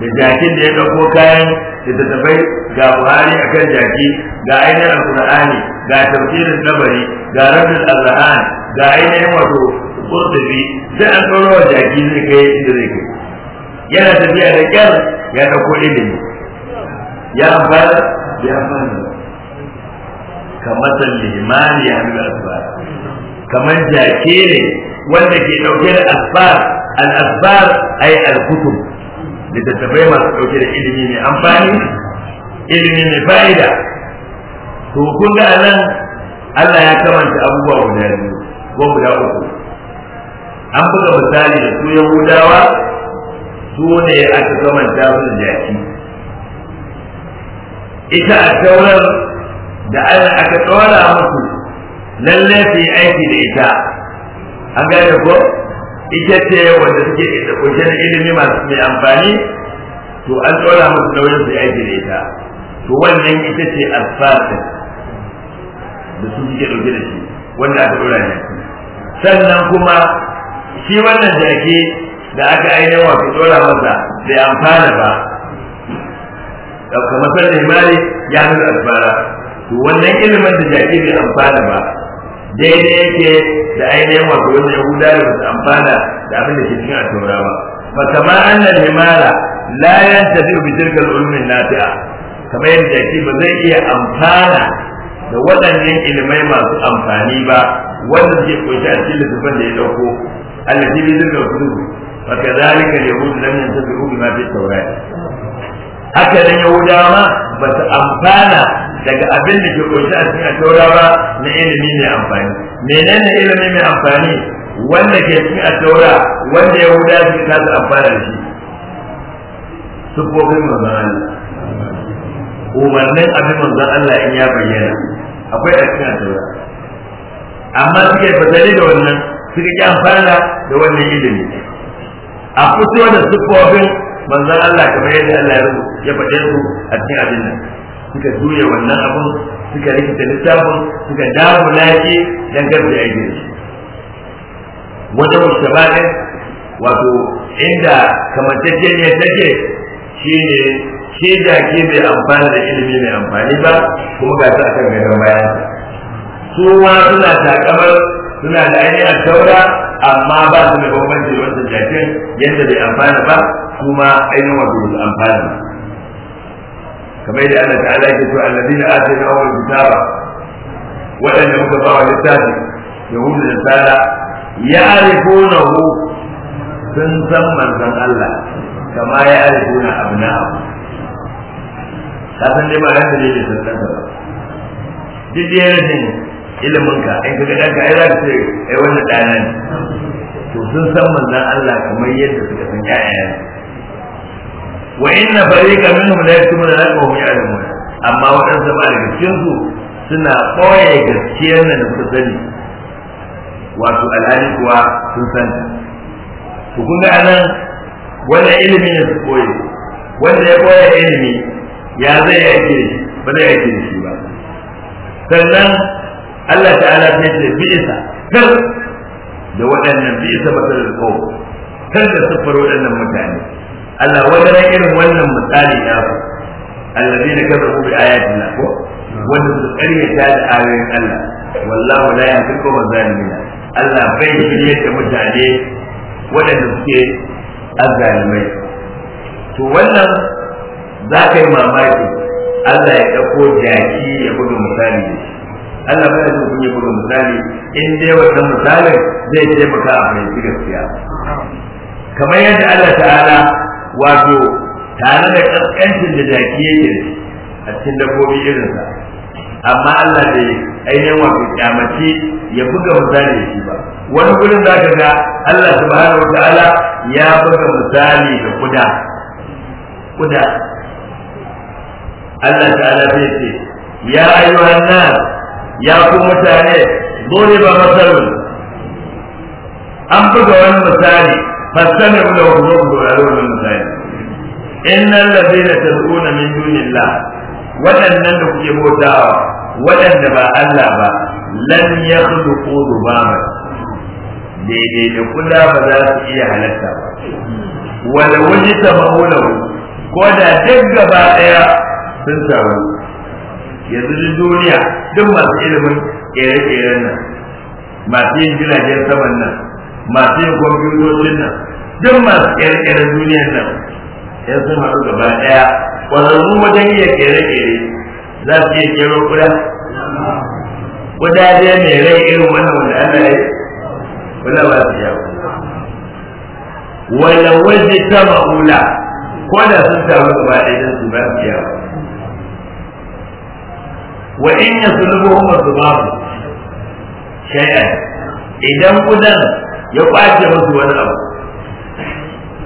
da jakin da ya ɗauko kayan littattafai ga buhari a kan jaki ga ainihin alkur'ani ga tafsirin dabari ga rabin alrahan ga ainihin wato kurtubi sai an tsoro wa jaki zai kai inda zai kai yana tafiya da kyar ya ɗauko ilimi ya amfana ya amfana kamar limani ya hannu asbar kamar jake ne wanda ke dauke da asbar al-asbar ay al-kutub littattafai masu dauke da ilimi mai amfani ilimi mai fa'ida to kun ga nan Allah ya kamanta abubuwa guda biyu ko guda uku an buga misali da su yahudawa su ne aka kamanta su da jaki ita a taurar da Allah aka tsora musu lalle su yi aiki da ita an gane ko ita ce wanda suke da kunshe ilimi masu mai amfani to an tsora musu nauyin su yi aiki da ita to wannan ita ce alfasa da su suke ɗauke da shi wanda aka tsora ne sannan kuma shi wannan da jaki da aka ainihin wato tsora masa bai amfana ba kamar sannan mali ya nuna asbara to wannan ilimin da jaki bai amfana ba daidai yake da ainihin wato wanda yahuda da ba su amfana da abin da ke cikin a taura ba fa kama annal himara la yantafi bi tilka al-ulum nafi'a kamar yadda jaki ba zai iya amfana da waɗannan ilimai masu amfani ba wanda suke kunshi a cikin littafin da ya dauko allati bi tilka al-ulum fa kadhalika al-yahud lam yantafi bi ma fi tawrat haka nan yahudawa ba su amfana daga abin da ke kunshi a cikin taura ba na ilimi mai amfani menene ilimi mai amfani wanda ke cikin taura wanda ya wuda su ka su amfana da shi sufofin manzon Allah umarnin abin manzon Allah in ya bayyana akwai a cikin taura amma suke fasali da wannan suke ki amfana da wannan ilimi a kusurwa da sufofin manzan Allah kamar yadda Allah ya faɗe su a cikin abin nan suka juya wannan abun suka rikita littafin suka damu laki dan garbi aikin shi wajen shabaɗin wato inda ya take shi ne shi ke mai amfani da ilimi mai amfani ba kuma ga ta kan gadon bayan su ma suna takamar suna da ainihin saura amma ba su da bambanci wancan jakin yadda bai amfana ba kuma ainihin wato amfana ba kamar da Allah ta'ala yake cewa alladina atayna wa kitaba wadanda muka bawa wa littafi yahudu da tsara ya'rifunahu sun san manzon Allah kama ya'rifuna abna'ahu kasan dai ba ran da yake sannan ba duk da rashin ilimin ka in ka ga danka ai za ka ce ai wannan dana ne to sun san manzon Allah kamar yadda suka san ƴaƴayen wa inna fariqa minhum la yaktumuna al-haqqa wa hum ya'lamun amma waɗansu ba da cikin su suna koya gaskiyar nan da suka sani wato alhali kuwa sun san to kun ga anan wannan ilimi ne su koyi wanda ya koya ilimi ya zai yake ba zai yake shi ba sannan Allah ta'ala ta ce bi isa kar da waɗannan bi isa da kawo kar da siffar waɗannan mutane Allah wajen irin wannan misali na ku allazi da kaza ku bi ayatin na ko wanda su karyata da ayoyin Allah wallahu la yahdi qawma zalimin Allah bai shirye da mutane waɗanda suke azalimai. to wannan za ka yi mamaki Allah ya ɗauko jaki ya buga misali ne. Allah bai so kun yi buga misali in dai wannan misalin zai taimaka a fahimci gaskiya kamar yadda Allah ta'ala wato tare da ƙasƙancin da jaki yake a cikin dabbobi sa amma Allah bai ainihin wato kyamace ya buga misali da shi ba wani gurin za ka ga Allah subhanahu wa ta'ala ya buga misali da kuda kuda Allah ta'ala zai ce ya ayyuhan nas ya ku mutane dole ba masarun an buga wani misali فاستمعوا له وقولوا له من مسائل إن الذين تدعون من دون الله waɗannan da kuke bautawa waɗanda ba Allah ba lan ya khluqu dhubaba daidai da kula za su iya halarta ba wala wajita ko da duk gaba ɗaya sun samu yanzu duniya duk masu ilimin ƙere-ƙeren nan masu yin jiragen saman nan masu yin kwamfutocin nan duk masu ƙirƙirar duniyar nan ya sun haɗu gaba ɗaya ƙwararru wajen iya ƙere-ƙere za su iya ƙero kuda kudaje mai rai irin wannan wanda ana yi wanda ba su yawo wanda waje ta ma'ula ko da sun taru gaba ɗaya don su ba su yawo wa in ya sulubu su babu mu shay'an idan kudan ya kwace musu wani abu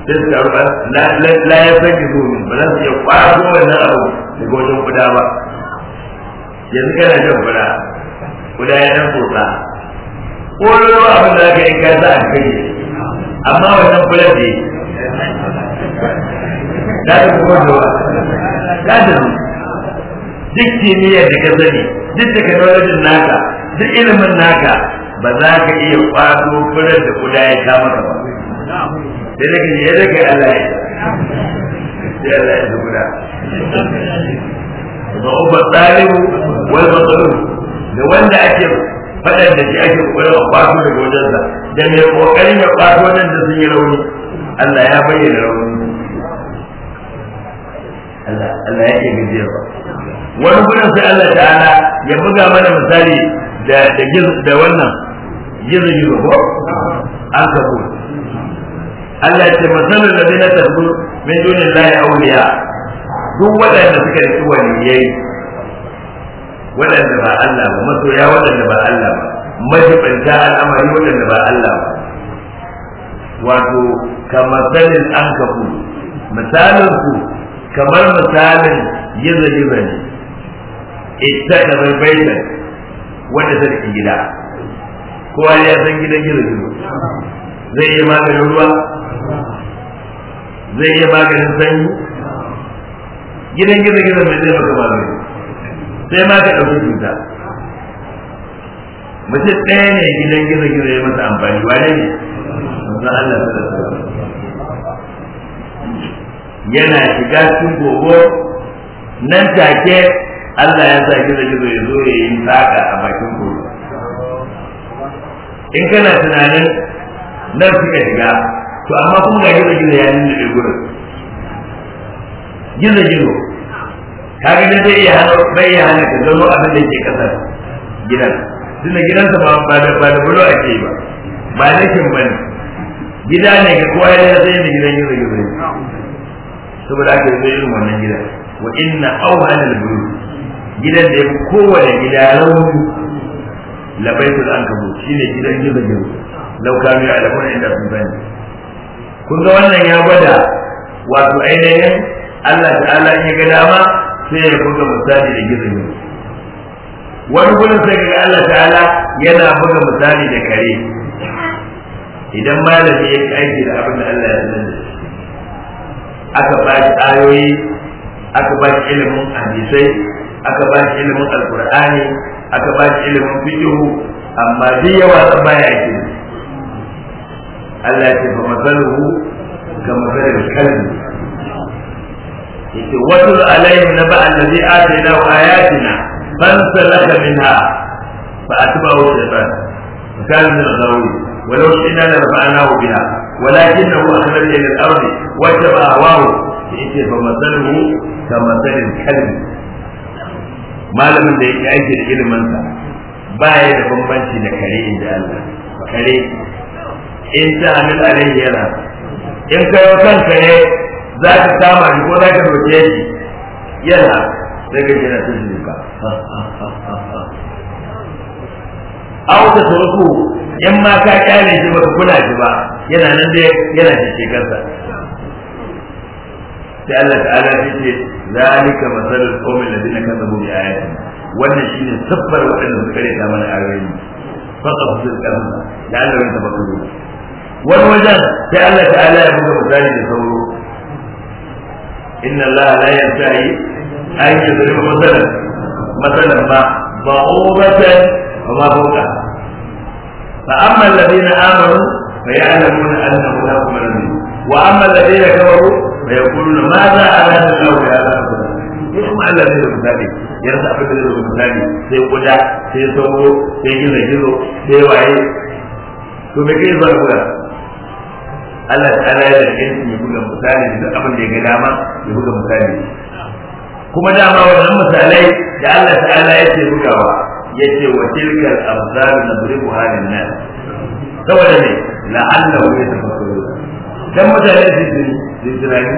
sai su taru la ya san sake zuwa ba za su iya kwato wannan abu daga wajen kuda ba yanzu kana jan kuda kuda ya dan tsotsa ko abin da aka yi ka sa a kai amma wannan kuda ce za ta kuma zuwa za ta zuwa duk kimiyyar da ka sani duk technology naka duk ilimin naka ba za ka iya kwato furar da kuda ya sha maka ba sai da ya da kai Allah ya sai Allah ya kuda. da uba tsalibu wani matsalu da wanda ake fadar da shi ake wa kwato daga wajensa da mai kokarin ya kwato nan da sun yi rauni Allah ya bayyana rauni Allah ke yake ba. wani gurin sai Allah ta'ala ya buga mana misali da da wannan gizo gizo ko an kafu Allah ce masalar da zai na tafi min dunin layi auliya duk waɗanda suka riki waliyai waɗanda ba Allah ba masoya waɗanda ba Allah ba majibanta al'amari waɗanda ba Allah ba wato kamar sanin an kafu misalin ku kamar misalin ita da baibaita wanda ta gida kowa ya san gidan gidan gidan zai iya maganin ruwa zai iya maganin sanyi gidan gidan gidan mai zai maka maganin sai ma ka ɗauki cuta mace ɗaya ne gidan gidan gidan ya masa amfani wane ne manzo Allah ta yana shiga cikin gogo nan take Allah ya sa gidan gidan ya zo ya yi taka a bakin gogo in kana tunanin nan suka shiga to amma kuma ga gizo gizo ya nuna da gurin gizo gizo ka ga da zai iya hana bai iya hana ka zama abin da ke kasar gidan tunda gidansa ba ba da ba da bulo ake yi ba ba lakin bane gida ne ga kowa ya sai da gidan gizo gizo saboda aka yi irin wannan gidan wa inna awhal al-buyut gidan da ya kowane gida ya rauni labaitul shi shine gidan gizo gizo lauka da kuma inda sun sani kun ga wannan ya gwada wato ainihin Allah ta'ala ya ga dama sai ya buga misali da gizo gizo wani gudun sai ga Allah ta'ala yana buga misali da kare idan malami ya aiki da abin da Allah ya sanar aka ba shi ayoyi aka ba shi ilimin hadisai aka ba shi ilimin alkur'ani aka ba shi ilimin fiqhu amma dai yawa san baya yake Allah ya ba masaluhu ga masalil kalbi yace watul alaihim naba allazi wa ayatina salaka minha fa atba'ahu shaytan فكان من الغاوين ولو شئنا لرفعناه بها ولكنه اخلد الى الارض واتبع هواه فمثله كمثل الكلب malamin da yake aiki da ilimin sa ba ya da bambanci da kare in ji Allah kare in ta amin alaihi yana in ka kan kare za ka kama shi ko za ka roke shi yana sai ka gina su shi ka au ta turku in ma ka kyale shi ba ka kula shi ba yana nan da yana shi kansa sai Allah ta'ala shi ce ذلك مثل القوم الذين كذبوا بآياتنا وأن الشيء صفر وأن الذكر يتعمل أعين فقط في الكلام لعلهم يتفكرون والوجد تعالى تعالى يقول مثالي لصوره إن الله لا ينتهي أن يضرب مثلا مثلا ما بعوضة وما فوقا فأما الذين آمنوا فيعلمون أنه لا من وأما الذين كفروا fa yaquluna ma za ala sallahu ya ala in kuma Allah zai da misali ya rasa abin da da misali sai kuda sai sauro sai gizo gizo sai waye to me kai zan kula Allah ta'ala ya da yanci mai buga misali da abin da ya ga dama ya buga misali kuma dama wannan misalai da Allah ta'ala ya ce bugawa ya ce nan saboda ne dan mutane su yi tunani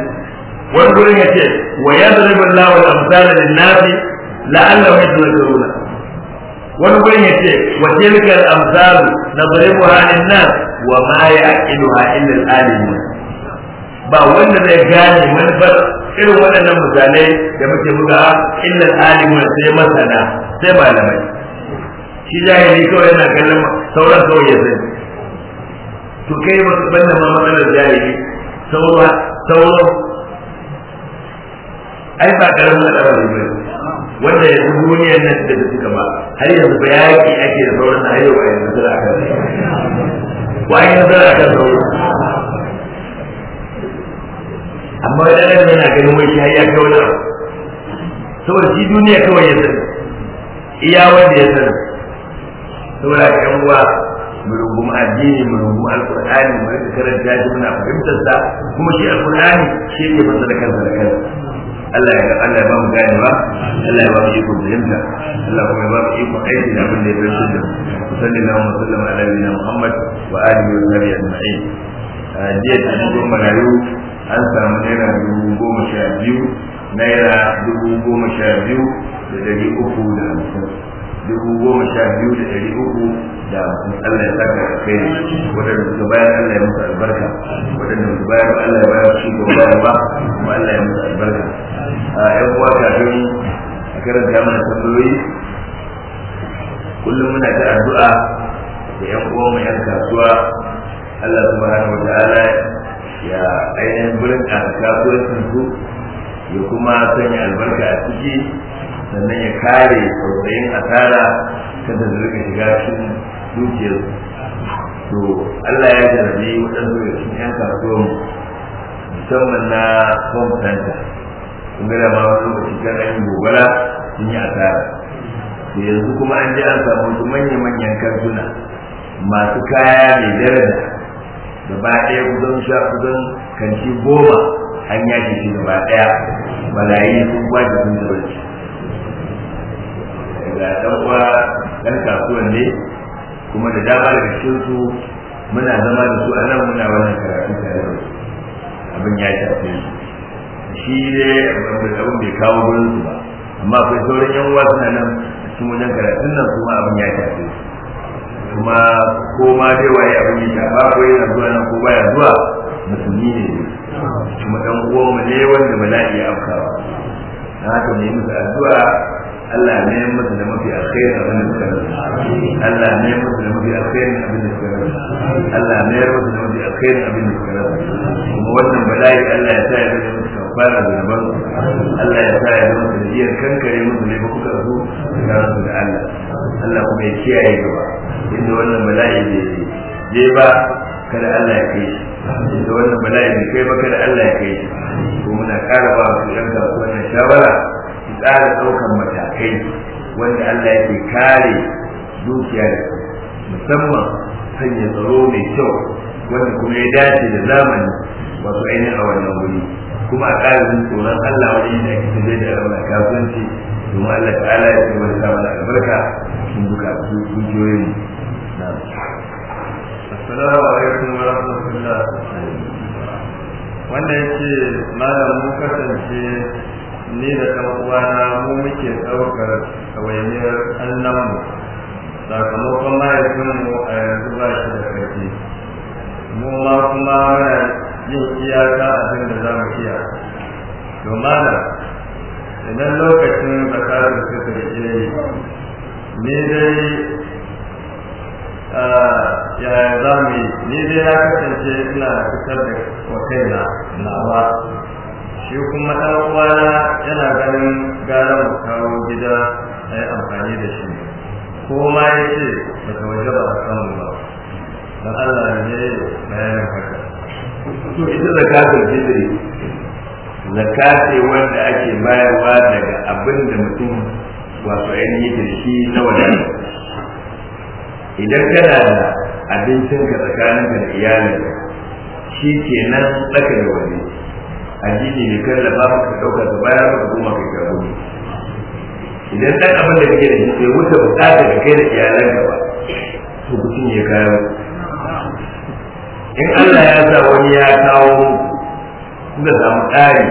wani gurin ya ce wa ya zara bin wa amsala lin nasi la'allahu yatadakkaruna wani gurin ya ce wa tilka al amsalu nadribuha lin nas wa ma ya yaqiluha illa al alimun ba wanda zai gane manufar irin waɗannan misalai da muke buga illa al alimun sai masana sai malamai shi jahili kawai yana kallon sauran kawai ya sani to kai ba banda ma matsalar jahili sauro sauro ai ba karamin al'amari ba wanda ya yanzu duniyar nan da suka ba har yanzu ba yaki ake da sauran har yau ai da aka wa yi nasara a kan sauro amma wani ɗan yana ganin wai shi har ya kai saboda shi duniya kawai ya sani iya wanda ya sani saboda kan uwa mu rungumi addini mu rungumi alqur'ani mu rika karanta shi muna fahimtar sa kuma shi alqur'ani shi ne masa da kansa da kansa Allah ya Allah ya ba mu ganewa Allah ya ba mu iko fahimta Allah kuma ya ba mu iko aiki da abin da ya fahimta da mu sallallahu alaihi wa sallam ala nabiyina Muhammad wa alihi wa sahbihi ajma'in jiya ta dubu marayu an samu naira dubu goma sha biyu naira dubu goma sha biyu da dari uku da hamsin dubu goma sha biyu da ɗari uku da Allah ya saka a kai waɗanda suka bayar Allah ya musu albarka waɗanda suka bayar Allah ya bayar su ba bayar ba kuma Allah ya musu albarka a ƴan uwa kafin a karanta mana tambayoyi kullum muna ta addu'a da ƴan uwa mu ƴan kasuwa Allah subhanahu wataala ya ainihin burin a kasuwancin su ya kuma sanya albarka a ciki sannan ya kare tsautsayin asara kada da rika shiga cikin dukiyar to Allah ya jarabe waɗanda da cikin yan kasuwan musamman na kwamfutanta kun ga gada ma wani lokaci kan an yi gobara sun yi asara to yanzu kuma an ji an samu wasu manya-manyan kantuna masu kaya mai daraja gaba ɗaya kusan sha kusan kanti goma an yaki shi gaba ɗaya balayi sun kwace sun zubarci ga dan uwa dan kasuwan ne kuma da dama daga cikin su muna zama da su a nan muna wannan karatu tare da su abin ya shafe su shi ne abin bai kawo gurin su ba amma akwai sauran yan uwa suna nan cikin wajen karatun nan kuma abin ya shafe su kuma ko ma dai waye abin ya shafa ko yana zuwa nan ko baya zuwa musulmi ne kuma dan uwanmu ne wanda bala'i ya afkawa na haka mu yi musu addu'a Allah ya mayar masa da mafi alkhairin abin da suka rasa Allah ya mayar masa da mafi alkhairin abin da suka rasa Allah ya mayar masa da mafi alkhairin abin da suka rasa kuma wannan bala'i Allah ya sa ya rasa musu kafara da gaban Allah ya sa ya zama sanadiyar kankare musu ne ba kuka zo da rasu da Allah Allah kuma ya kiyaye gaba inda wannan bala'i bai je ba kada Allah ya kai shi da wannan bala'i bai kai ba kada Allah ya kai shi ko muna ƙara ba su yanka wannan shawara Tsara ɗaukar matakai wanda Allah yake kare dukiya da musamman sanya tsaro mai kyau wanda kuma ya dace da zamani wato ainihin a wannan wuri kuma a ƙarin tsoron Allah wajen da ake tafiya da al'amura kasuwanci domin Allah ta'ala ya ce wani samun albarka cikin duka dukiyoyin na Assalamu alaikum wa rahmatullah wanda yake malam kasance ni da ɗan uwana mu muke ɗaukar ɗawainiyar mu. sakamakon mahaifinmu a yanzu ba shi da ƙarfi mu ma kuma muna yin iyaka abin da za mu iya to mana idan lokacin zakarin suka da ilimi ni dai yaya za mu yi ni dai ya kasance ina fitar da wa kaina nawa shi kuma ɗan uwana yana ganin gara mu kawo gida a yi amfani da shi ko ma ya ce ba ta waje ba a samu ba don Allah ne bayanin haka to ita zakatul fitri zakka ce wanda ake bayarwa daga abin da mutum wato ainihin da shi na wadata idan kana da abincin abincinka tsakanin da iyalinka shi ke tsaka da wani addini ne kai da babu ka dauka ka bayar ka kuma kai ka gudu idan dan abin da kake da shi bai wuce bukata da kai da iyalanka ba to mutum ya kawo in Allah ya sa wani ya kawo da samu tsari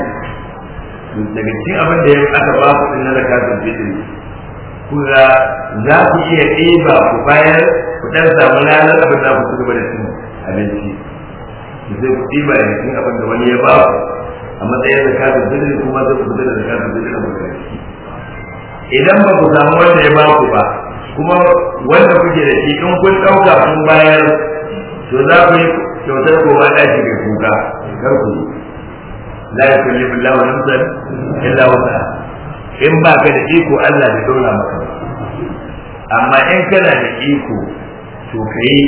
daga cikin abin da aka ba ku din na zakatun fitri kuka za ku iya ɗiba ku bayar ku dan samu lalar abin da ku ci gaba da cin abinci sai ku ɗiba da cikin abin da wani ya ba ku a matsayin da kafin birni kuma zai ku da kafin birni a mutane idan ba ku samu wanda ya baku ba kuma wanda kuke da shi in kun ɗauka kun bayar to za ku yi kyautar kowa ɗaki ga kuka kar ku yi la ya kulli billahu nafsan illa wasa in ba ka da iko Allah bai dora maka amma in kana da iko to kai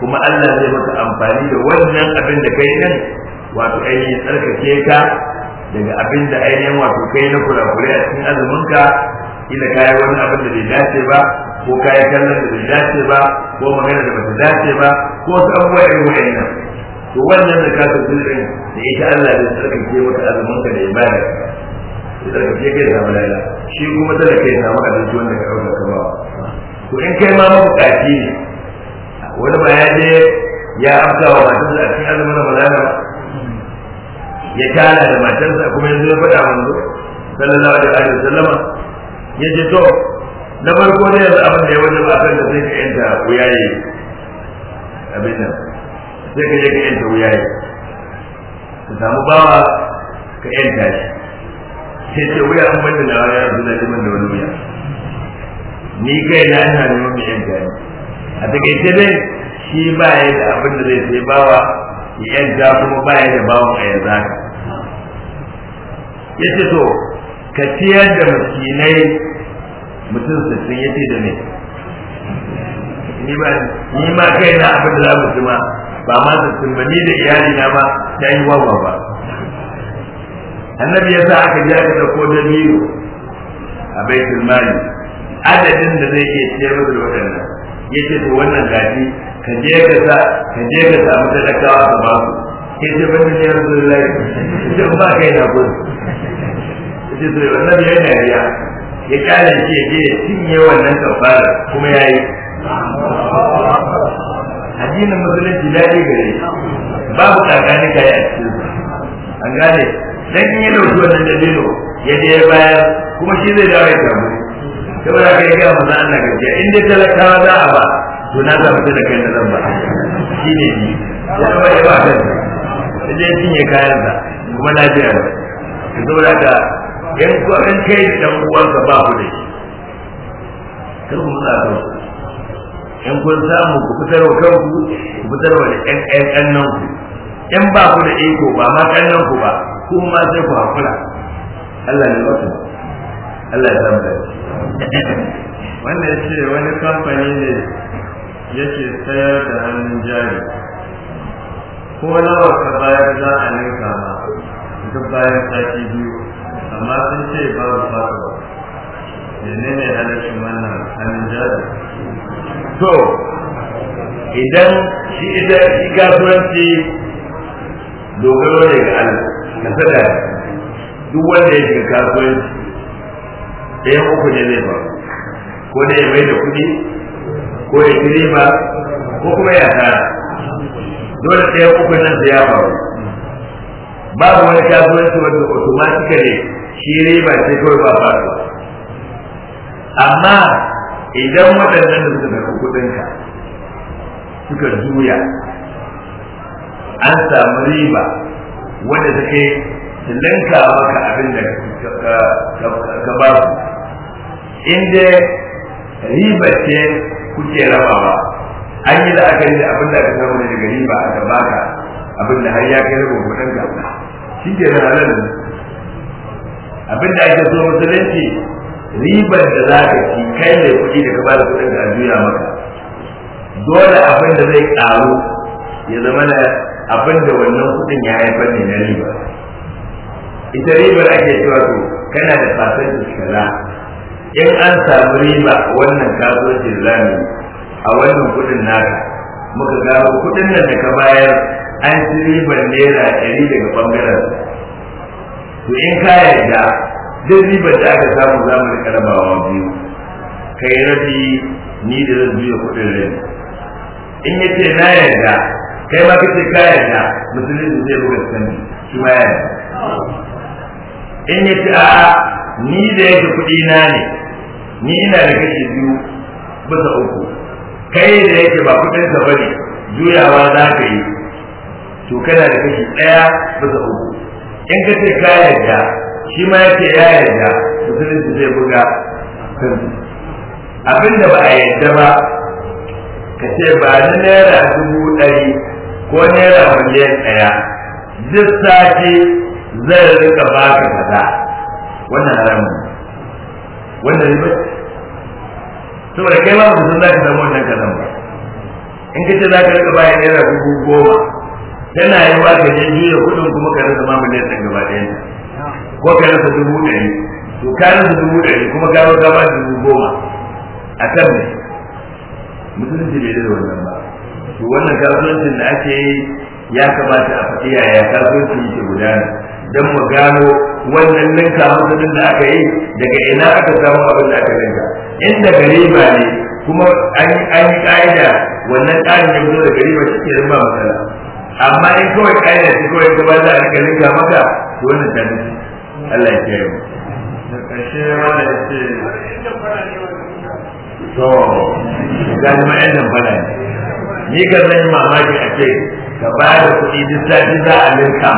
kuma Allah zai maka amfani da wannan abin da kai din wato ainihin tsarkake ka daga abin da ainihin wato kai na kurakurai a cikin azuminka ila kayi wani abin da bai dace ba ko kayi kallon da bai dace ba ko magana da bata dace ba ko wasu abubuwa irin wa'annan to wannan da kasa sirrin da ita Allah da tsarkake wata azuminka da ibada ya tsarkake kai samu lalata shi kuma talaka kai samu abinci wanda ka ɗauka ka ba to in kai ma mabuƙaci ne wani ba ya je ya afka wa da a cikin azumin ramadana ya tana da matarsa kuma yanzu ya faɗa manzo sallallahu alaihi wa sallama ya ce to na farko ne yanzu abin da ya wani ba kan da sai ka yanta wuyaye abin nan sai ka je ka yanta wuyaye ka samu bawa ka yanta shi sai ce wuya an bada na wani yanzu na liman da wani wuya ni kai na ina neman mai yanta ne a takaice dai shi ba ya da abin da zai sai bawa ya yanta kuma ba ya da bawan a yanzu haka yace to ka ciyar da miskinai mutum sun yace da ne ni ni ma kai na abin da za mu ma ba ma sittin ba ni da iyali na ba ta yi wawa ba annabi sa aka ji aka dauko da biyu a baitul mali adadin da zai iya ciyar musu da waɗannan yace to wannan gaji ka je ka sa ka je ka ka ba su ya ce ban ne yanzu lai duk ba kai na gudu ya ce wannan ya dariya ya kyale shi ya je ya wannan kafara kuma ya yi addinin musulunci daɗi gare babu tsakanin kai a cikin an gane dan in ya dauki wannan dalilo ya je ya bayar kuma shi zai dawo ya samu saboda kai ga manzo Allah gaskiya in dai talakawa za a ba to na zama da kai na zan ba shi ne ya ya ba kai je ya cinye kayan sa kuma lafiya ne ki da ka yan kwarin ke da dan ka ba ku da shi kar ku mutsa kan yan kun samu ku fitar wa kanku ku fitar wa da ƴan ƴan ƴan nan ku in ba ku da iko ba ma ƴan nan ku ba kuma sai ku hakura Allah ne wato Allah ya samu wannan ce wani kamfani ne yake sayar da hannun jari ko nawa ka bayar za a ninka ma duk bayan sati biyu amma sun ce babu fatuwa menene halittar wannan hannun jari to idan shi idan shi kasuwanci dogaro ne ga Allah ka sada duk wanda ya shiga kasuwanci uku ne zai ko ne ya mai da kuɗi ko ya kiri ba ko kuma ya tara dole ɗaya uku nan sai ya faru babu wani kasuwanci wanda ne shi riba ce kawai ba faru amma idan waɗannan da suka karɓi kuɗinka suka juya an samu riba wanda take tilanka maka abin da ka ba su in riba ce kuke rabawa an yi la'akari da abin da aka samu daga gari ba a gabata abin da har ya kai rabin kudin ka shi ke nan halal abin da ake so musulunci ribar da za ka ci kai mai kuɗi da ka ba da kudin ka juya maka dole abin da zai karu ya zama na abin da wannan kudin ya haifar ne na riba ita ribar ake cewa to kana da da kaza in an samu riba wannan kasuwanci da zamu a wannan kudin naka muka gano kudin nan da ka bayar an ci ribar naira ɗari daga ɓangaren to in ka yarda duk ribar da aka samu za mu rika rabawa biyu kai rabi ni da zan biya kudin rabi in ya ce na yarda kai ma kace ka yarda musulunci zai buga sani shi ma yarda in ya ce a'a ni da yake kudi na ne ni ina da kashi biyu bisa uku kai da yake ba kudin sa bane juyawa za ka yi to kana da kashi daya bisa uku in ka ce ka yarda shi ma ya ce ya yarda su zai buga kansu abinda ba a yarda ba ka ce ba ni naira dubu ɗari ko naira miliyan ɗaya duk sati zai rika baka kaza wannan haramun wannan riba saboda kai ma ba san za ka samu wannan kazan ba in ka ce za ka rika bayan naira dubu goma tana yi wa ka je juya kudin kuma ka rasa mamu ne ɗan gaba ɗaya ko ka rasa dubu ɗari to ka rasa dubu ɗari kuma ka rasa ba dubu goma a kan ne musulunci bai da wannan ba to wannan kasuwancin da ake yi ya kamata a faɗi yaya kasuwancin yake gudana don mu gano wannan ninka musulun da aka yi daga ina aka samu abin da aka ninka Inda Garima ne kuma an yi ƙa'ida wannan ƙarin da zo daga riba shi ke ba matsala amma in kawai ƙa'ida shi kawai ta wanda a rika ninka maka to wannan ta nufi Allah ya kiyaye mu. Da ƙarshe wanda ya ce. To, ga kuma ƴan zamfara ne. ni ka zan mamaki a ce ka ba da kuɗi duk sati za a maka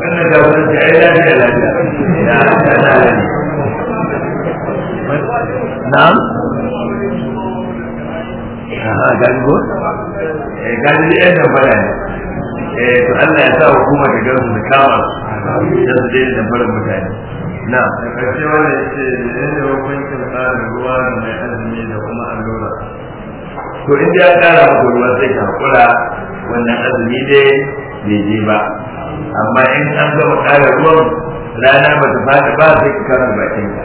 wannan ga wani da ai lafiya lafiya ya na aha gango eh gango ya da fara eh to Allah ya sa hukuma ta gansu da kama da su daina da fara mutane na da karshe wannan yace ne hukuncin tsarin ruwa da mai azumi da kuma allura to in ya kara maka ruwa sai ka hakura wannan azumi dai bai je ba amma in an gama kare ruwan rana ba ta faɗi ba sai ka karar bakin ka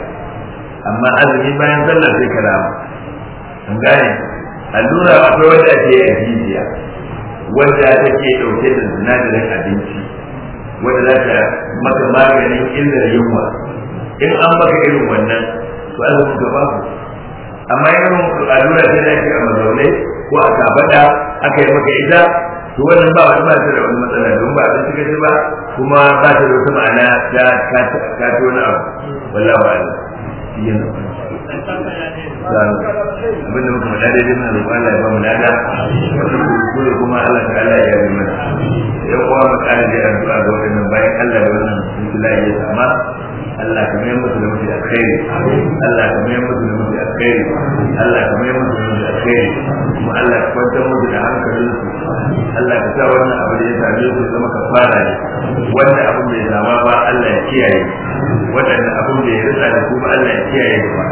amma azumi bayan sallah sai ka rama an gane allura akwai wanda ke a jijiya ta ke ɗauke da sinadarin abinci wanda za ta maka maganin illar yunwa in an maka irin wannan to azumi ka ku amma irin allura sai da ake a mazaunai ko a kafaɗa aka yi maka ita to wannan ba wani ba da wani matsala don ba ka ba kuma ba ta da wata ma'ana ta ta wani abu shi ne abin da muka faɗa daidai Allah ya ba mu lada kuma Allah ta Allah ya yi mana mu da bayan Allah da wannan mutum ya sama Allah ka mayar musu da mafi alkhairi Allah ka mayar musu da mafi alkhairi Allah ka mayar musu da mafi alkhairi kuma Allah ka kwantar musu da hankalin su Allah ka sa wannan abu da ya same su zama ne abu bai zama ba Allah ya kiyaye waɗannan abin da ya rasa da kuma Allah ya kiyaye ba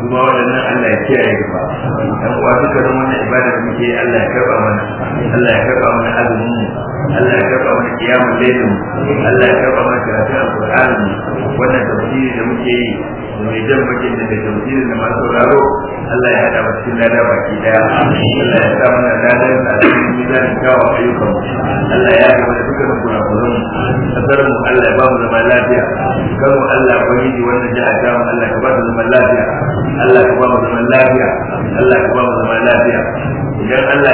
kuma waɗannan Allah ya kiyaye ba dan uwa duka nan wannan ibada da muke Allah ya karba mana Allah ya karba mana azumin Allah ya karba mana kiyamul lailin mu Allah ya karba mana karatun alqur'ani wannan wannan tafsiri da muke yi da mai jan bakin da tafsirin da masu sauraro Allah ya hada mu cikin lada baki daya Allah ya sa mana lada na cikin mizanin kawo ayyukan Allah ya ga mana dukkan kurakuran kasar mu Allah ya ba mu zama lafiya kan mu Allah ya bari ji wannan jaha ta mu Allah ya ba mu zama lafiya Allah ya ba mu zama lafiya Allah ya ba mu zama lafiya idan Allah